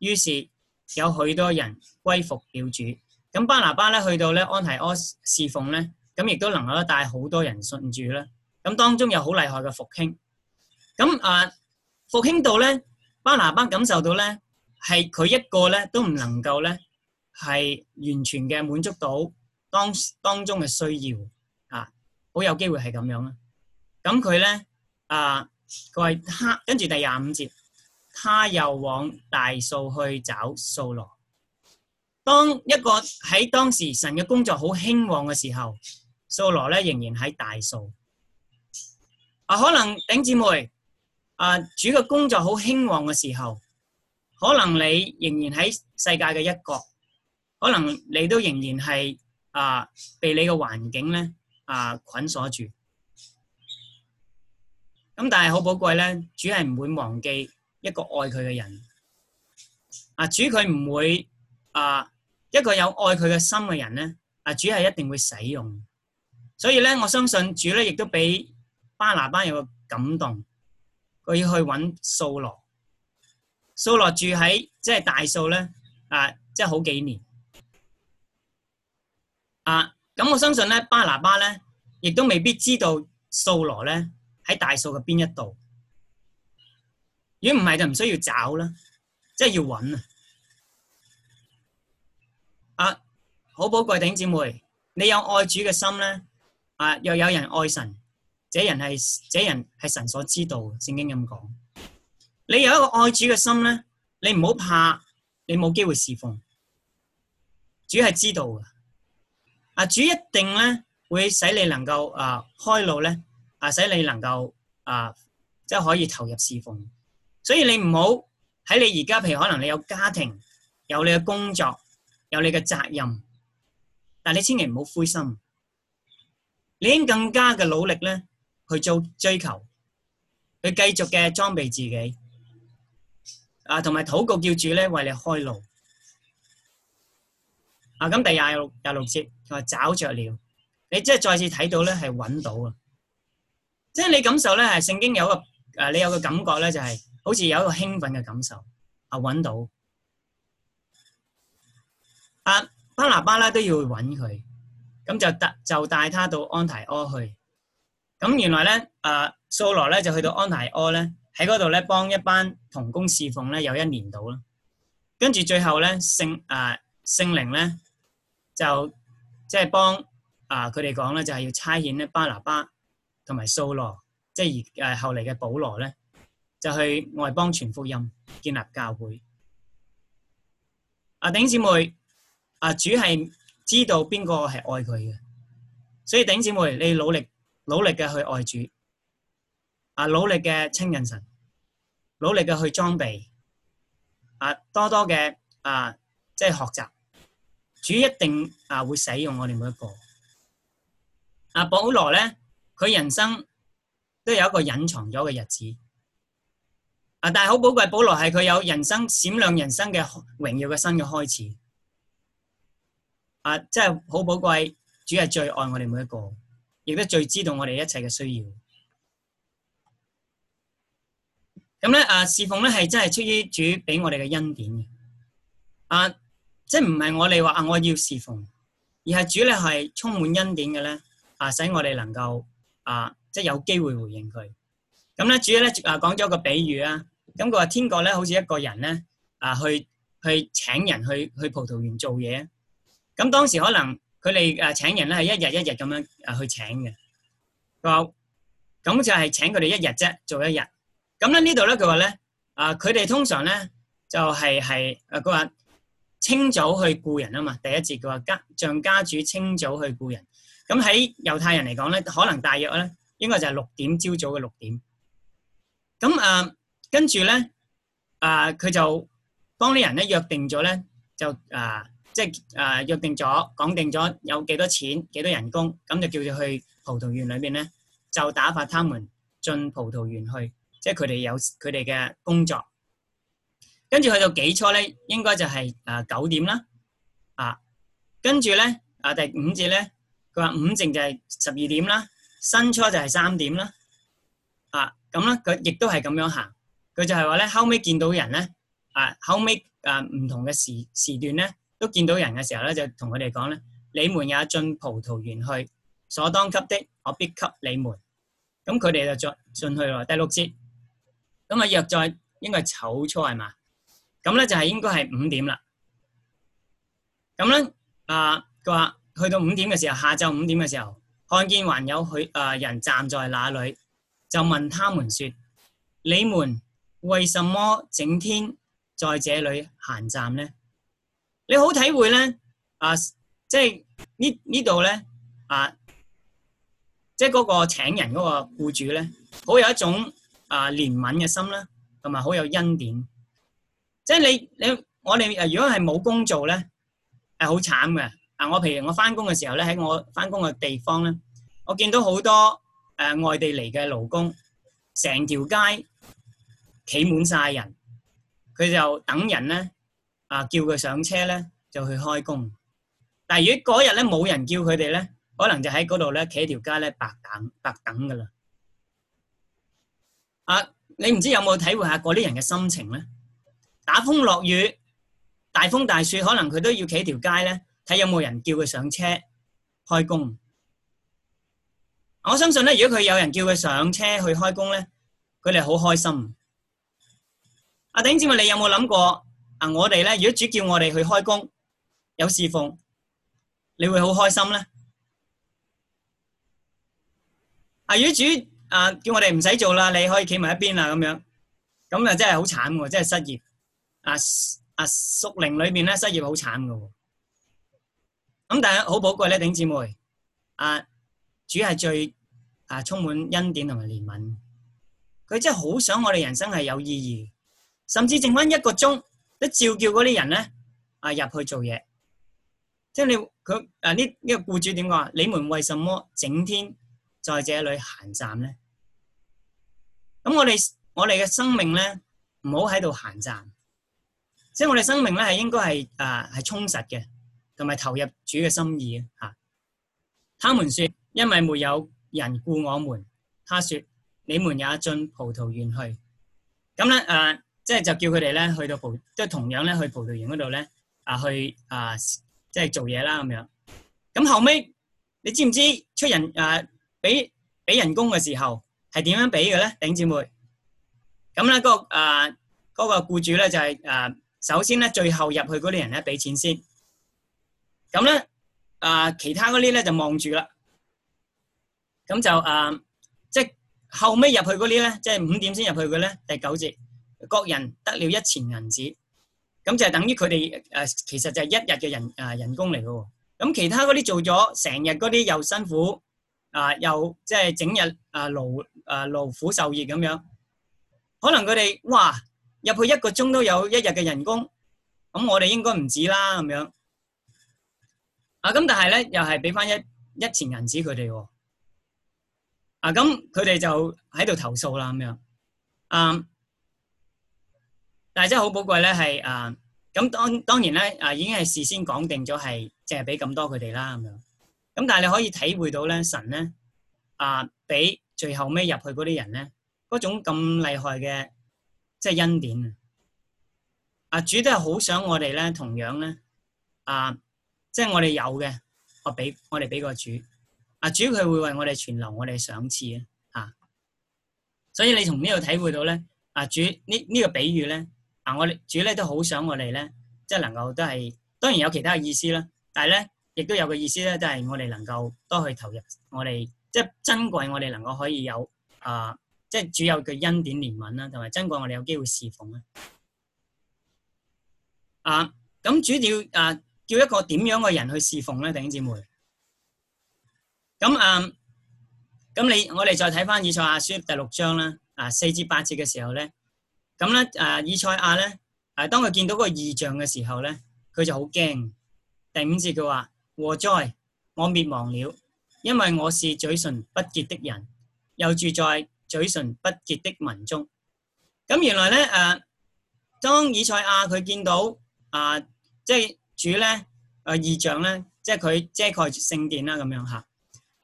於是。有許多人歸服了主，咁巴拿巴咧去到咧安提阿侍奉咧，咁亦都能夠帶好多人信主啦。咁當中有好厲害嘅復興，咁啊復興到咧巴拿巴感受到咧係佢一個咧都唔能夠咧係完全嘅滿足到當,當中嘅需要啊，好有機會係咁樣啦。咁佢咧啊，佢係黑，跟住第廿五節。他又往大數去找掃羅。當一個喺當時神嘅工作好興旺嘅時候，掃羅咧仍然喺大數。啊，可能頂姊妹，啊主嘅工作好興旺嘅時候，可能你仍然喺世界嘅一角，可能你都仍然係啊被你嘅環境咧啊捆鎖住。咁但係好寶貴咧，主係唔會忘記。一個愛佢嘅人，啊主佢唔會啊一個有愛佢嘅心嘅人咧，啊主係一定會使用，所以咧我相信主咧亦都俾巴拿巴有個感動，佢要去揾掃羅，掃羅住喺即係大數咧啊，即係好幾年，啊咁我相信咧巴拿巴咧亦都未必知道掃羅咧喺大數嘅邊一度。如果唔係就唔需要找啦，即係要揾啊！阿好寶貴弟兄姐妹，你有愛主嘅心咧，啊又有人愛神，這人係這人係神所知道，聖經咁講。你有一個愛主嘅心咧，你唔好怕，你冇機會侍奉，主係知道嘅。阿主一定咧會使你能夠啊開路咧，啊使你能夠啊即係可以投入侍奉。所以你唔好喺你而家，譬如可能你有家庭，有你嘅工作，有你嘅責任，但係你千祈唔好灰心，你應該更加嘅努力咧去做追求，去繼續嘅裝備自己，啊，同埋禱告叫主咧為你開路，啊，咁第廿六廿六節佢話找着了，你即係再次睇到咧係揾到啊，即係你感受咧係聖經有個誒，你有個感覺咧就係。好似有一個興奮嘅感受，啊，揾到，啊巴拿巴咧都要揾佢，咁就帶就帶他到安提阿去，咁、啊、原來咧啊掃羅咧就去到安提阿咧喺嗰度咧幫一班同工侍奉咧有一年度啦，跟住最後咧聖啊聖靈咧就即係、就是、幫啊佢哋講咧就係、是、要差遣咧巴拿巴同埋掃羅，即係而誒後嚟嘅保羅咧。就去外邦傳福音，建立教會。阿頂姊妹，阿主係知道邊個係愛佢嘅，所以頂姊妹，你努力努力嘅去愛主，啊，努力嘅親近神，努力嘅去裝備，啊，多多嘅啊，即係學習，主一定啊會使用我哋每一個。阿保羅咧，佢人生都有一個隱藏咗嘅日子。啊！但係好寶貴，保羅係佢有人生閃亮人生嘅榮耀嘅新嘅開始。啊，即係好寶貴，主係最愛我哋每一個，亦都最知道我哋一切嘅需要。咁咧啊，侍奉咧係真係出於主俾我哋嘅恩典嘅。啊，即係唔係我哋話啊，我要侍奉，而係主咧係充滿恩典嘅咧，啊，使我哋能夠啊，即係有機會回應佢。咁咧，主咧啊，講咗個比喻啊。咁佢話天國咧，好似一個人咧，啊，去去請人去去葡萄園做嘢。咁當時可能佢哋誒請人咧，係一日一日咁樣啊去請嘅。佢話：咁就係請佢哋一日啫，做一日。咁咧呢度咧，佢話咧啊，佢哋通常咧就係、係、係啊，佢話清早去雇人啊嘛。第一節佢話家像家主清早去雇人。咁喺猶太人嚟講咧，可能大約咧應該就係六點，朝早嘅六點。咁啊～跟住咧，啊、呃，佢就幫啲人咧約定咗咧，就啊，即係啊，約定咗，講、呃呃、定咗有幾多錢，幾多人工，咁就叫佢去葡萄園裏邊咧，就打發他們進葡萄園去，即係佢哋有佢哋嘅工作。跟住去到幾初咧，應該就係啊九點啦，啊，跟住咧啊第五節咧，佢話五正就係十二點啦，新初就係三點啦，啊，咁啦佢亦都係咁樣行。佢就係話咧，後尾見到人咧，啊，後尾啊唔同嘅時時段咧，都見到人嘅時候咧，就同佢哋講咧，你們也進葡萄園去，所當給的，我必給你們。咁佢哋就進進去咯。第六節，咁啊約在應該係酉初係嘛？咁咧就係應該係五點啦。咁咧啊，佢、呃、話去到五點嘅時候，下晝五點嘅時候，看見還有許啊人站在那裏，就問他們說：你們。為什麼整天在這裏閒站呢？你好體會咧啊，即係呢呢度咧啊，即係嗰個請人嗰個僱主咧，好有一種啊憐憫嘅心啦，同埋好有恩典。即係你你我哋如果係冇工做咧，係好慘嘅。啊，我譬如我翻工嘅時候咧，喺我翻工嘅地方咧，我見到好多誒外地嚟嘅勞工，成條街。企滿晒人，佢就等人咧，啊叫佢上車咧就去開工。但係如果嗰日咧冇人叫佢哋咧，可能就喺嗰度咧企條街咧白等白等噶啦。啊，你唔知有冇體會下嗰啲人嘅心情咧？打風落雨、大風大雪，可能佢都要企條街咧，睇有冇人叫佢上車開工。我相信咧，如果佢有人叫佢上車去開工咧，佢哋好開心。阿頂姊妹，你有冇諗過？啊，我哋咧，如果主叫我哋去開工，有侍奉，你會好開心咧？啊，如果主啊叫我哋唔使做啦，你可以企埋一邊啦，咁樣，咁啊真係好慘嘅，真係失業。啊啊，屬靈裏面咧失業好慘嘅。咁但係好寶貴咧，頂姊妹，啊，主係最啊充滿恩典同埋憐憫，佢真係好想我哋人生係有意義。甚至剩翻一個鐘都召叫嗰啲人咧，啊入去做嘢。即係你佢誒呢呢個僱主點講啊？你們為什麼整天在這裏閒站咧？咁我哋我哋嘅生命咧，唔好喺度閒站。即係我哋生命咧係應該係誒係充實嘅，同埋投入主嘅心意啊。他們說，因為沒有人顧我們，他說，你們也進葡萄園去。咁咧誒。啊即係就叫佢哋咧去到葡，即係同樣咧去葡萄園嗰度咧啊去啊，即係做嘢啦咁樣。咁後尾你知唔知出人啊俾俾人工嘅時候係點樣俾嘅咧，頂姐妹？咁、嗰、咧個啊嗰、嗰個僱主咧就係、係、啊首先咧最後入去嗰啲人咧俾錢先。咁咧啊其他嗰啲咧就望住啦。咁就啊即後尾入去嗰啲咧，即係五點先入去嘅咧第九節。各人得了一錢銀子，咁就係等於佢哋誒，其實就係一日嘅人誒人工嚟嘅喎。咁其他嗰啲做咗成日嗰啲又辛苦啊，又即係整日啊勞啊勞苦受熱咁樣。可能佢哋哇入去一個鐘都有一日嘅人工，咁我哋應該唔止啦咁樣。啊咁，但係咧又係俾翻一一錢銀子佢哋喎。啊咁，佢哋就喺度投訴啦咁樣。嗯。但係真係好寶貴咧，係啊咁當當然咧啊，已經係事先講定咗，係淨係俾咁多佢哋啦咁樣。咁但係你可以體會到咧，神咧啊俾最後尾入去嗰啲人咧，嗰種咁厲害嘅即係恩典啊！主都係好想我哋咧，同樣咧啊，即係我哋有嘅，我俾我哋俾個主啊，主佢會為我哋存留，我哋賞賜啊！所以你從呢度體會到咧啊，主呢呢個比喻咧。嗱、啊，我哋主咧都好想我哋咧，即係能夠都係，當然有其他嘅意思啦。但係咧，亦都有個意思咧，即、就、係、是、我哋能夠多去投入我哋，即係珍貴我哋能夠可以有啊，即係主有嘅恩典憐憫啦，同埋珍貴我哋有機會侍奉啦、啊。啊，咁主要啊，叫一個點樣嘅人去侍奉咧，弟兄姊妹。咁啊，咁你我哋再睇翻《以賽亞書》第六章啦，啊四至八節嘅時候咧。咁咧，誒以賽亞咧，誒當佢見到個異象嘅時候咧，佢就好驚。第五節佢話：禍哉，我滅亡了，因為我是嘴唇不潔的人，又住在嘴唇不潔的民中。咁原來咧，誒當以賽亞佢見到啊，即係主咧，誒異象咧，即係佢遮蓋聖殿啦，咁樣吓。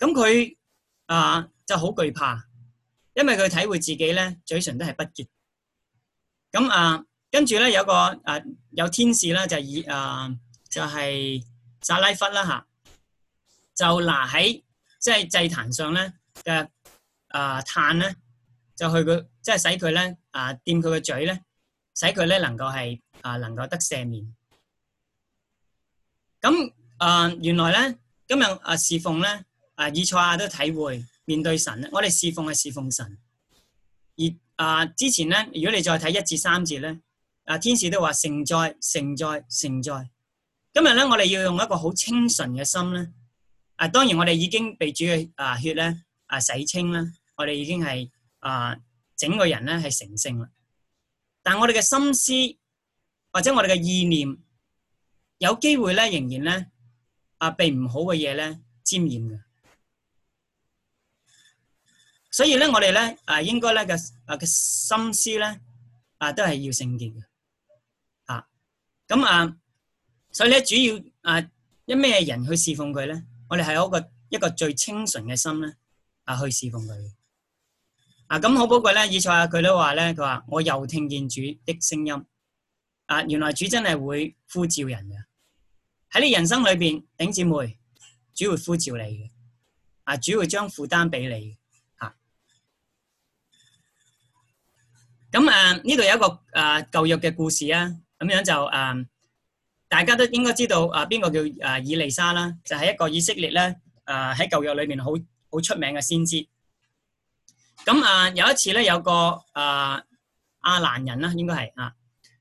咁佢啊就好懼怕，因為佢體會自己咧嘴唇都係不潔。咁啊，跟住咧有個啊，有天使咧就以啊，就係、是、撒拉弗啦嚇，就拿喺即係祭壇上咧嘅啊炭咧，就去佢即係使佢咧啊，掂佢嘅嘴咧，使佢咧能夠係啊，能夠得赦免。咁啊，原來咧今日啊侍奉咧啊，以賽亞都體會面對神，我哋侍奉係侍奉神，而。啊！之前咧，如果你再睇一至三節咧，啊天使都話聖哉、聖哉、聖哉。今日咧，我哋要用一個好清純嘅心咧。啊，當然我哋已經被主嘅啊血咧啊洗清啦，我哋已經係啊整個人咧係成性啦。但我哋嘅心思或者我哋嘅意念，有機會咧仍然咧啊被唔好嘅嘢咧沾染嘅。所以咧，我哋咧啊，應該咧嘅啊嘅心思咧啊，都係要聖潔嘅啊。咁啊，所以咧主要啊，因咩人去侍奉佢咧？我哋係一個一個最清純嘅心咧啊，去侍奉佢，啊。啊，咁好寶貴咧！以賽亞佢都話咧，佢話我又聽見主的聲音啊，原來主真係會呼召人嘅。喺你人生裏邊，頂姐妹，主會呼召你嘅啊，主會將負擔俾你。咁啊，呢度有一個啊、呃、舊約嘅故事啊，咁樣就啊、呃，大家都應該知道啊，邊、呃、個叫啊、呃、以利沙啦？就係、是、一個以色列咧，啊、呃、喺舊約裏面好好出名嘅先知。咁啊、呃，有一次咧，有個啊、呃、亞蘭人啦、啊，應該係啊，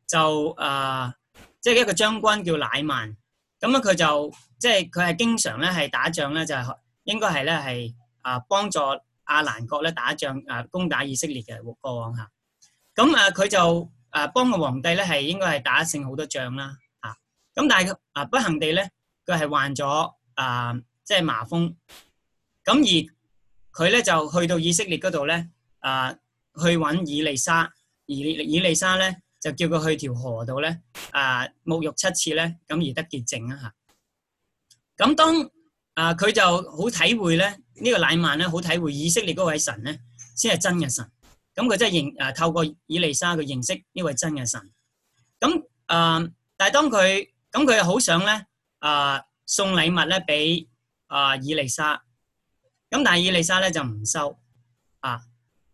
就啊，即、呃、係、就是、一個將軍叫乃曼。咁咧，佢就即係佢係經常咧係打仗咧，就係、是、應該係咧係啊幫助亞蘭國咧打仗啊攻打以色列嘅國王。嚇。咁啊，佢就啊幫個皇帝咧，係應該係打勝好多仗啦，啊！咁但係啊，不幸地咧，佢係患咗啊，即係麻風。咁而佢咧就去到以色列嗰度咧，啊，去搵以利沙，而以利沙咧就叫佢去條河度咧啊沐浴七次咧，咁而得潔淨啊吓。咁當啊佢就好體會咧呢個乃曼咧，好體會以色列嗰位神咧，先係真嘅神。咁佢真係認透過以利沙去認識呢位真嘅神。咁但係當佢咁佢好想咧送禮物咧俾以利沙。咁但係以利沙咧就唔收啊，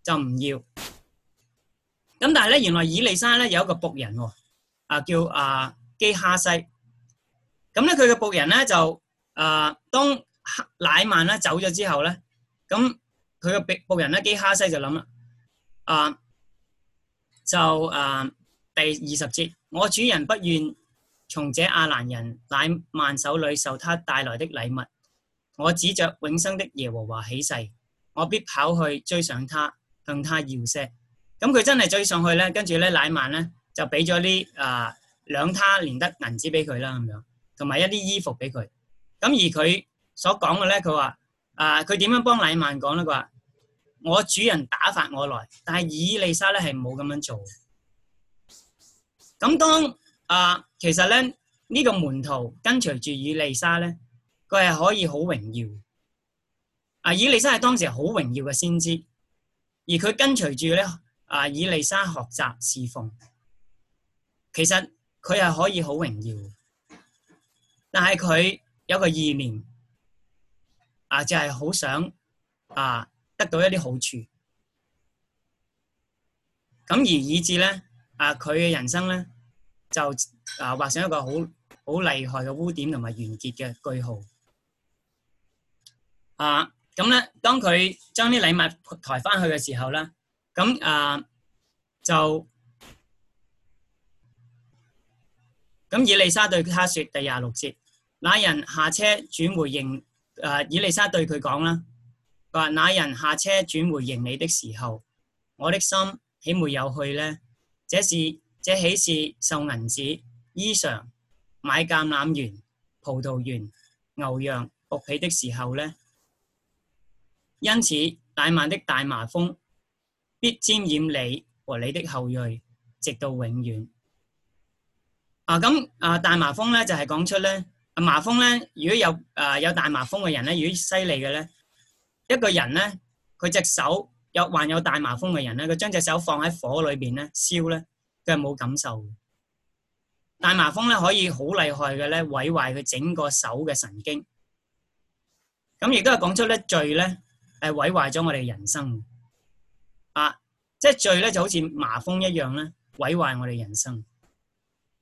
就唔要。咁但係咧，原來以利沙咧有一個僕人喎，啊叫啊基哈西。咁咧佢嘅僕人咧就誒，當乃曼咧走咗之後咧，咁佢個僕人咧基哈西就諗啦。啊、uh，就誒，第二十節，我主人不願從這亞蘭人乃曼手裏受他帶來的禮物。我指着永生的耶和華起誓，我必跑去追上他，向他要些。咁佢真係追上去咧，跟住咧，乃曼咧就俾咗啲誒兩他連得銀子俾佢啦，咁樣，同埋一啲衣服俾佢。咁而佢所講嘅咧，佢話啊，佢，uh, 點樣幫乃曼講咧？佢話。我主人打發我來，但係以利沙咧係冇咁樣做。咁當啊，其實咧呢個門徒跟隨住以利沙咧，佢係可以好榮耀。啊，以利沙係當時好榮耀嘅先知，而佢跟隨住咧啊，以利沙學習侍奉，其實佢係可以好榮耀。但係佢有個意念，啊，就係好想啊。得到一啲好處，咁而以致咧，啊，佢嘅人生咧就啊畫上一個好好厲害嘅污點同埋完結嘅句號啊！咁咧，當佢將啲禮物抬翻去嘅時候咧，咁啊就咁以利沙對他說，第廿六節，那人下車轉回應，啊，以利沙對佢講啦。話那人下車轉回迎你的時候，我的心豈沒有去呢？這是這豈是受銀子、衣裳、買橄欖園、葡萄園、牛羊牧起的時候呢？因此，大萬的大麻風必沾染你和你的後裔，直到永遠。啊，咁啊，大麻風咧就係、是、講出咧，麻風咧，如果有啊有大麻風嘅人咧，如果犀利嘅咧。一個人咧，佢隻手有患有大麻風嘅人咧，佢將隻手放喺火裏邊咧燒咧，佢係冇感受嘅。大麻風咧可以好厲害嘅咧，毀壞佢整個手嘅神經那說。咁亦都係講出咧罪咧，係毀壞咗我哋人生。啊，即係罪咧就好似麻風一樣咧，毀壞我哋人生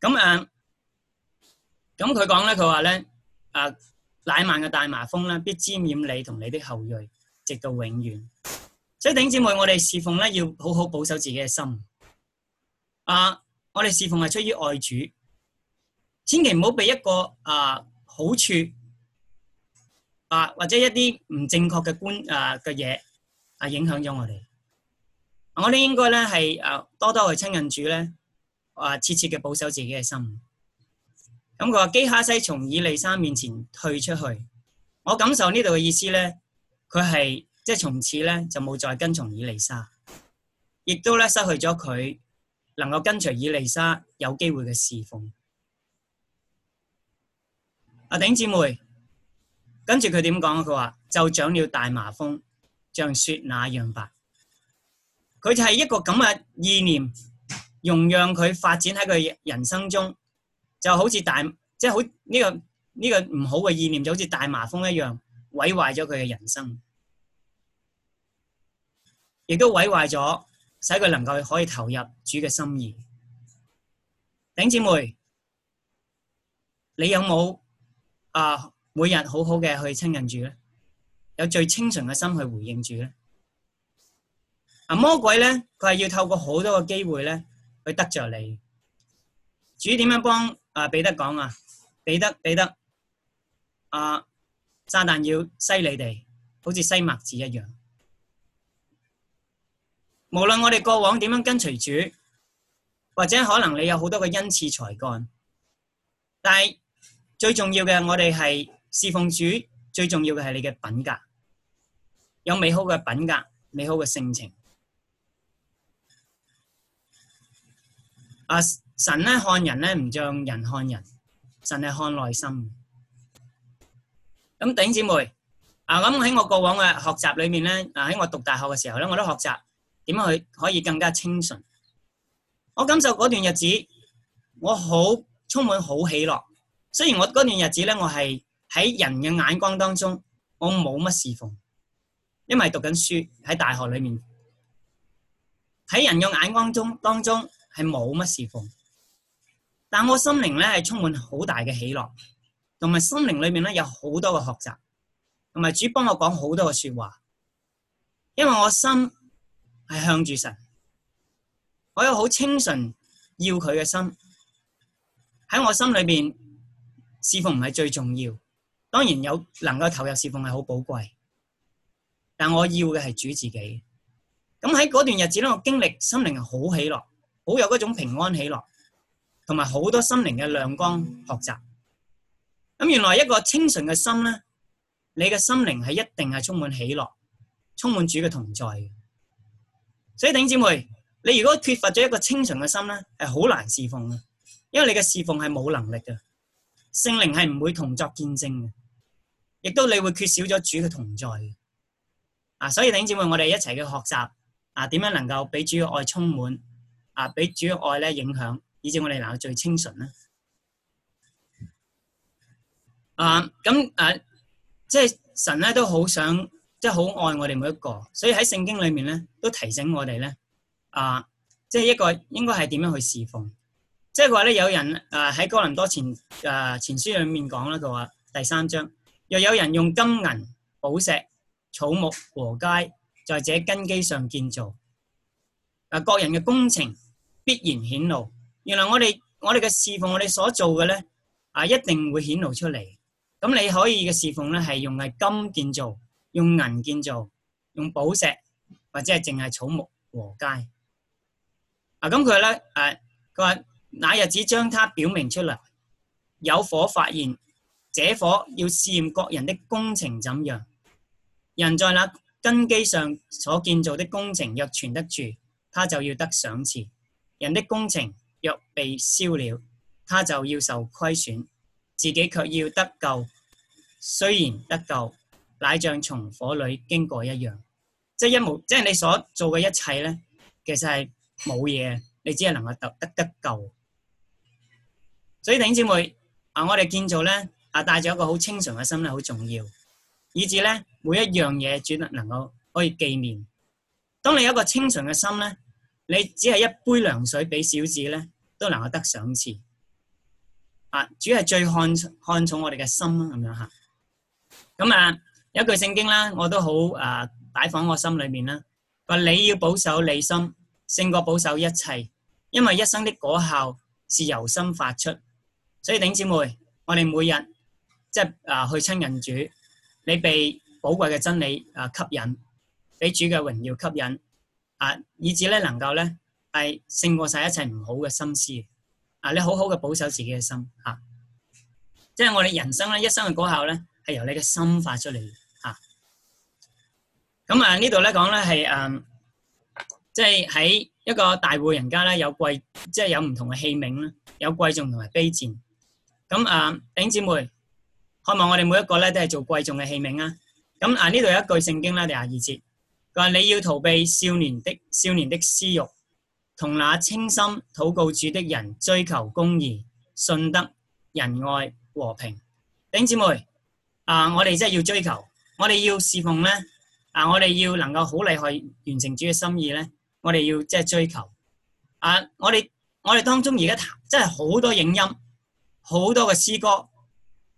那。咁、呃、誒，咁佢講咧，佢話咧，啊、呃。乃曼嘅大麻風啦，必沾染你同你啲後裔，直到永遠。所以頂姐妹，我哋侍奉咧要好好保守自己嘅心。啊，我哋侍奉係出於愛主，千祈唔好俾一個啊好處啊或者一啲唔正確嘅觀啊嘅嘢啊影響咗我哋。我哋應該咧係啊多多去親近主咧，啊切切嘅保守自己嘅心。咁佢話基哈西從以利沙面前退出去，我感受呢度嘅意思呢，佢係即係從此呢就冇再跟從以利沙，亦都咧失去咗佢能夠跟隨以利沙有機會嘅侍奉。阿頂姐妹，跟住佢點講？佢話就長了大麻風，像雪那樣白。佢就係一個咁嘅意念，容讓佢發展喺佢人生中。就好似大，即、就、係、是這個這個，好呢個呢個唔好嘅意念，就好似大麻風一樣毀壞咗佢嘅人生，亦都毀壞咗，使佢能夠可以投入主嘅心意。頂姐妹，你有冇啊？每日好好嘅去親近主咧，有最清純嘅心去回應主咧？啊，魔鬼咧，佢係要透過好多嘅機會咧，去得着你。主點樣幫？啊！彼得講啊，彼得彼得，啊撒但要篩你哋，好似篩麥子一樣。無論我哋過往點樣跟隨主，或者可能你有好多嘅恩賜才幹，但係最重要嘅，我哋係侍奉主最重要嘅係你嘅品格，有美好嘅品格，美好嘅性情。啊。神咧，看人咧唔像人看人，神係看內心。咁弟兄姐妹，啊咁喺我過往嘅學習裏面咧，啊喺我讀大學嘅時候咧，我都學習點樣去可以更加清純。我感受嗰段日子，我好充滿好喜樂。雖然我嗰段日子咧，我係喺人嘅眼光當中，我冇乜侍奉，因為讀緊書喺大學裏面，喺人嘅眼光中當中係冇乜侍奉。但我心靈咧係充滿好大嘅喜樂，同埋心靈裏面咧有好多嘅學習，同埋主幫我講好多嘅說話，因為我心係向住神，我有好清純要佢嘅心。喺我心裏邊，侍奉唔係最重要，當然有能夠投入侍奉係好寶貴，但我要嘅係主自己。咁喺嗰段日子咧，我經歷心靈係好喜樂，好有嗰種平安喜樂。同埋好多心靈嘅亮光學習，咁原來一個清純嘅心咧，你嘅心靈係一定係充滿喜樂，充滿主嘅同在嘅。所以弟兄姊妹，你如果缺乏咗一個清純嘅心咧，係好難侍奉嘅，因為你嘅侍奉係冇能力嘅，聖靈係唔會同作見證嘅，亦都你會缺少咗主嘅同在嘅。啊，所以弟兄姊妹，我哋一齊去學習啊，點樣能夠俾主嘅愛充滿啊，俾主嘅愛咧影響。以至我哋嗱最清純咧啊咁啊，即係神咧都好想，即係好愛我哋每一個，所以喺聖經裏面咧都提醒我哋咧啊，即係一個應該係點樣去侍奉。即係話咧，有人啊喺哥林多前啊前書裏面講啦，佢話第三章又有人用金銀寶石草木禾秸，在這根基上建造啊，各人嘅工程必然顯露。原來我哋我哋嘅侍奉我哋所做嘅咧，啊一定會顯露出嚟。咁你可以嘅侍奉咧，係用係金建造，用銀建造，用寶石，或者係淨係草木禾秸。啊，咁佢咧，誒、啊，佢話那日子將它表明出嚟，有火發現，這火要試驗各人的工程怎樣。人在那根基上所建造的工程若存得住，他就要得賞賜。人的工程。若被燒了，他就要受虧損，自己卻要得救。雖然得救，乃像從火裏經過一樣，即係一無，即係你所做嘅一切咧，其實係冇嘢，你只係能夠得，得得救。所以弟兄姊妹啊，我哋建造咧啊，帶住一個好清純嘅心咧，好重要，以至咧每一樣嘢，主能夠可以記念。當你有一個清純嘅心咧。你只係一杯涼水俾小子咧，都能夠得賞賜。啊，主要係最看重看重我哋嘅心咁樣吓。咁啊，有一句聖經啦，我都好啊，擺、呃、放我心裏面啦。話你要保守你心，勝過保守一切，因為一生的果效是由心發出。所以頂姊妹，我哋每日即係啊、呃、去親近主，你被寶貴嘅真理啊、呃、吸引，俾主嘅榮耀吸引。啊！以至咧，能夠咧係勝過晒一切唔好嘅心思。啊！你好好嘅保守自己嘅心吓，即、啊、係、就是、我哋人生咧，一生嘅果效咧，係由你嘅心發出嚟吓。咁啊，呢度咧講咧係嗯，即係喺一個大戶人家咧，有貴即係、就是、有唔同嘅器皿啦，有貴重同埋卑賤。咁啊，弟兄姊妹，盼望我哋每一個咧都係做貴重嘅器皿啊！咁啊，呢度有一句聖經啦，第廿二節。話你要逃避少年的少年的私欲，同那清心禱告主的人追求公義、信德、仁愛、和平。頂姐妹啊，我哋真係要追求，我哋要侍奉咧。啊，我哋要能夠好厲害完成主嘅心意咧。我哋要即係追求。啊，我哋我哋當中而家真係好多影音、好多嘅詩歌、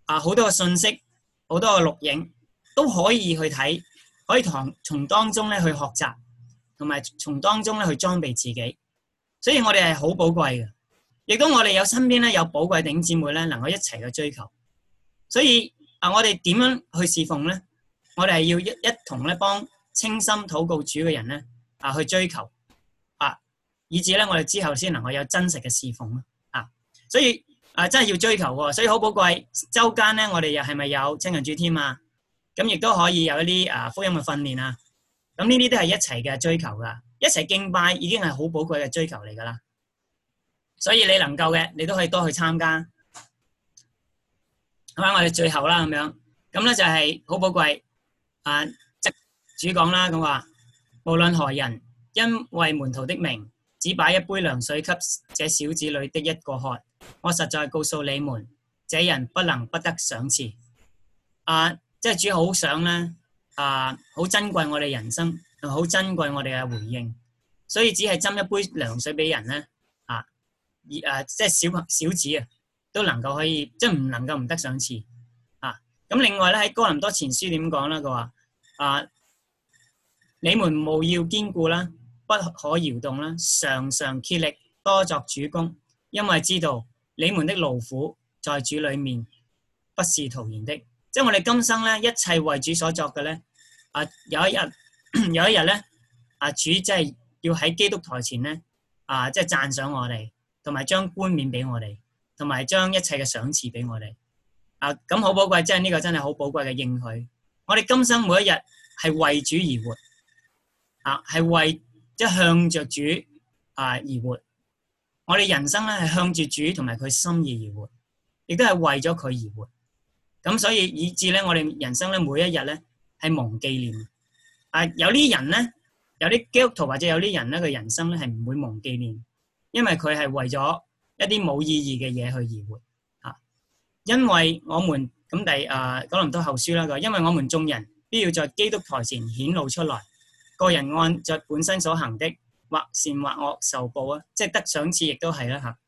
啊好多嘅信息、好多嘅錄影都可以去睇。可以從從當中咧去學習，同埋從當中咧去裝備自己。所以我哋係好寶貴嘅，亦都我哋有身邊咧有寶貴頂姊妹咧，能夠一齊去追求。所以啊，我哋點樣去侍奉咧？我哋係要一一同咧幫清心禱告主嘅人咧啊，去追求啊，以至咧我哋之後先能夠有真實嘅侍奉咯啊。所以啊，真係要追求喎。所以好寶貴。周間咧，我哋又係咪有親近主添啊？咁亦都可以有一啲啊福音嘅訓練啊，咁呢啲都係一齊嘅追求噶，一齊敬拜已經係好寶貴嘅追求嚟噶啦。所以你能夠嘅，你都可以多去參加。好啦，我哋最後啦咁樣，咁咧就係好寶貴。啊，即主講啦，咁話無論何人，因為門徒的名，只擺一杯涼水給這小子裏的一個喝，我實在告訴你們，這人不能不得賞賜。啊！即係主好想咧，啊，好珍貴我哋人生，好珍貴我哋嘅回應，所以只係斟一杯涼水俾人咧，啊，而、啊、誒，即係小小子啊，都能夠可以，即係唔能夠唔得上次。啊。咁另外咧喺哥林多前書點講啦，佢話啊，你們務要堅固啦，不可搖動啦，常常竭力多作主工，因為知道你們的勞苦在主裏面不是徒然的。即係我哋今生咧，一切為主所作嘅咧，啊，有一日有一日咧，啊主即係要喺基督台前咧，啊即係讚賞我哋，同埋將冠冕俾我哋，同埋將一切嘅賞賜俾我哋，啊咁好寶貴，即係呢個真係好寶貴嘅應許。我哋今生每一日係為主而活，啊係為即係向着主啊而活。我哋人生咧係向住主同埋佢心意而活，亦都係為咗佢而活。咁所以以至咧，我哋人生咧每一日咧係忘記念。啊，有啲人咧，有啲基督徒或者有啲人咧嘅人生咧係唔會忘記念，因為佢係為咗一啲冇意義嘅嘢去而活。啊，因為我們咁第啊，哥林多後書啦。佢，因為我們眾人必要在基督台前顯露出來，個人按着本身所行的，或善或惡受報啊，即係得賞賜亦都係啦。嚇，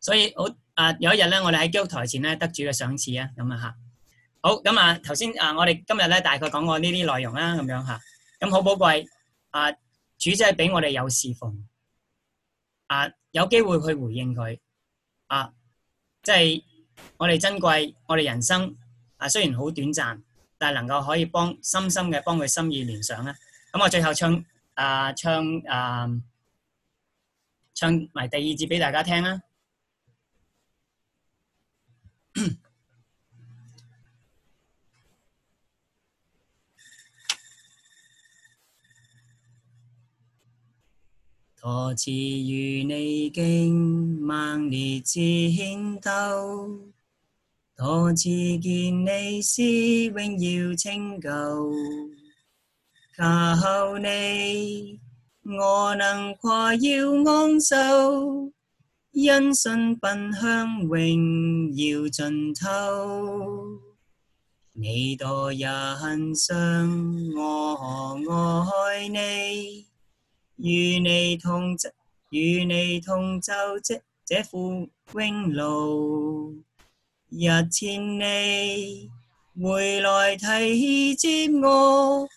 所以我。啊！有一日咧，我哋喺基督台前咧，得主嘅賞賜啊，咁啊嚇。好咁啊，頭先啊，我哋今日咧大概講過呢啲內容啦，咁樣嚇。咁好寶貴啊！主仔俾我哋有侍奉啊，有機會去回應佢啊，即係我哋珍貴，我哋人生啊，雖然好短暫，但係能夠可以幫深深嘅幫佢心意聯想咧。咁我最後唱啊，唱啊，唱埋第二節俾大家聽啦。多次遇你經萬年戰鬥，多次見你詩永耀清舊，求你我能誇耀安守。因信奔向榮耀盡頭，你多也恨上我，我愛你，與你同與你同舟這副苦榮路，日前你回來提接我，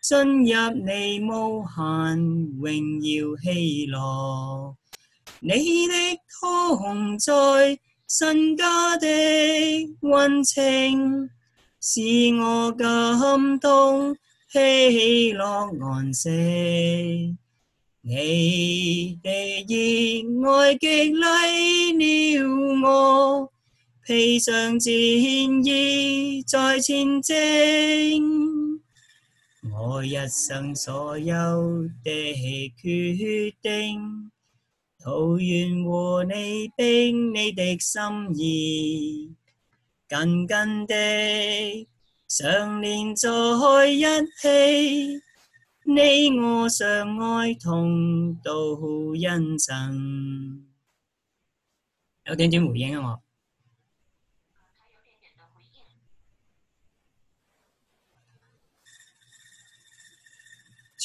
進入你無限榮耀喜樂。你的同在，身家的溫情，使我感動，喜樂安適。你的熱愛激勵了我，披上戰衣在前進。我一生所有的決定。我愛同恩神有點點回應啊！我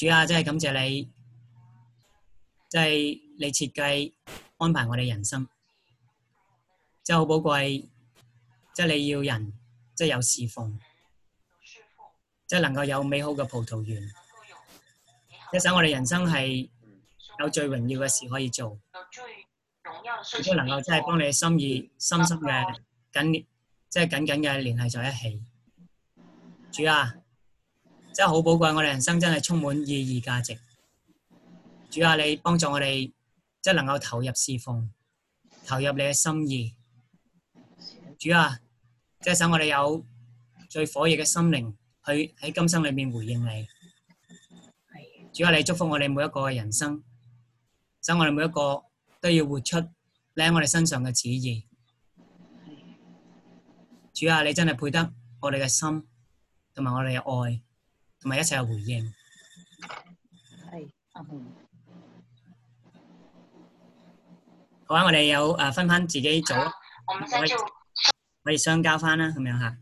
主啊，真係感謝你， 真係。你設計安排我哋人生，真係好寶貴。即係你要人，即係有侍奉，即係能夠有美好嘅葡萄園。即係想我哋人生係有最榮耀嘅事可以做，亦都能夠即係幫你心意深深嘅緊，即係緊緊嘅連繫在一起。主啊，真係好寶貴，我哋人生真係充滿意義價值。主啊，你幫助我哋。即係能夠投入侍奉，投入你嘅心意，主啊！即係想我哋有最火熱嘅心靈去喺今生裏面回應你。係。主啊，你祝福我哋每一個嘅人生，想我哋每一個都要活出你喺我哋身上嘅旨意。係。主啊，你真係配得我哋嘅心，同埋我哋嘅愛，同埋一切嘅回應。係。阿門。好分分啊！我哋有誒分翻自己組，咯，我哋可以相交翻啦，咁樣吓。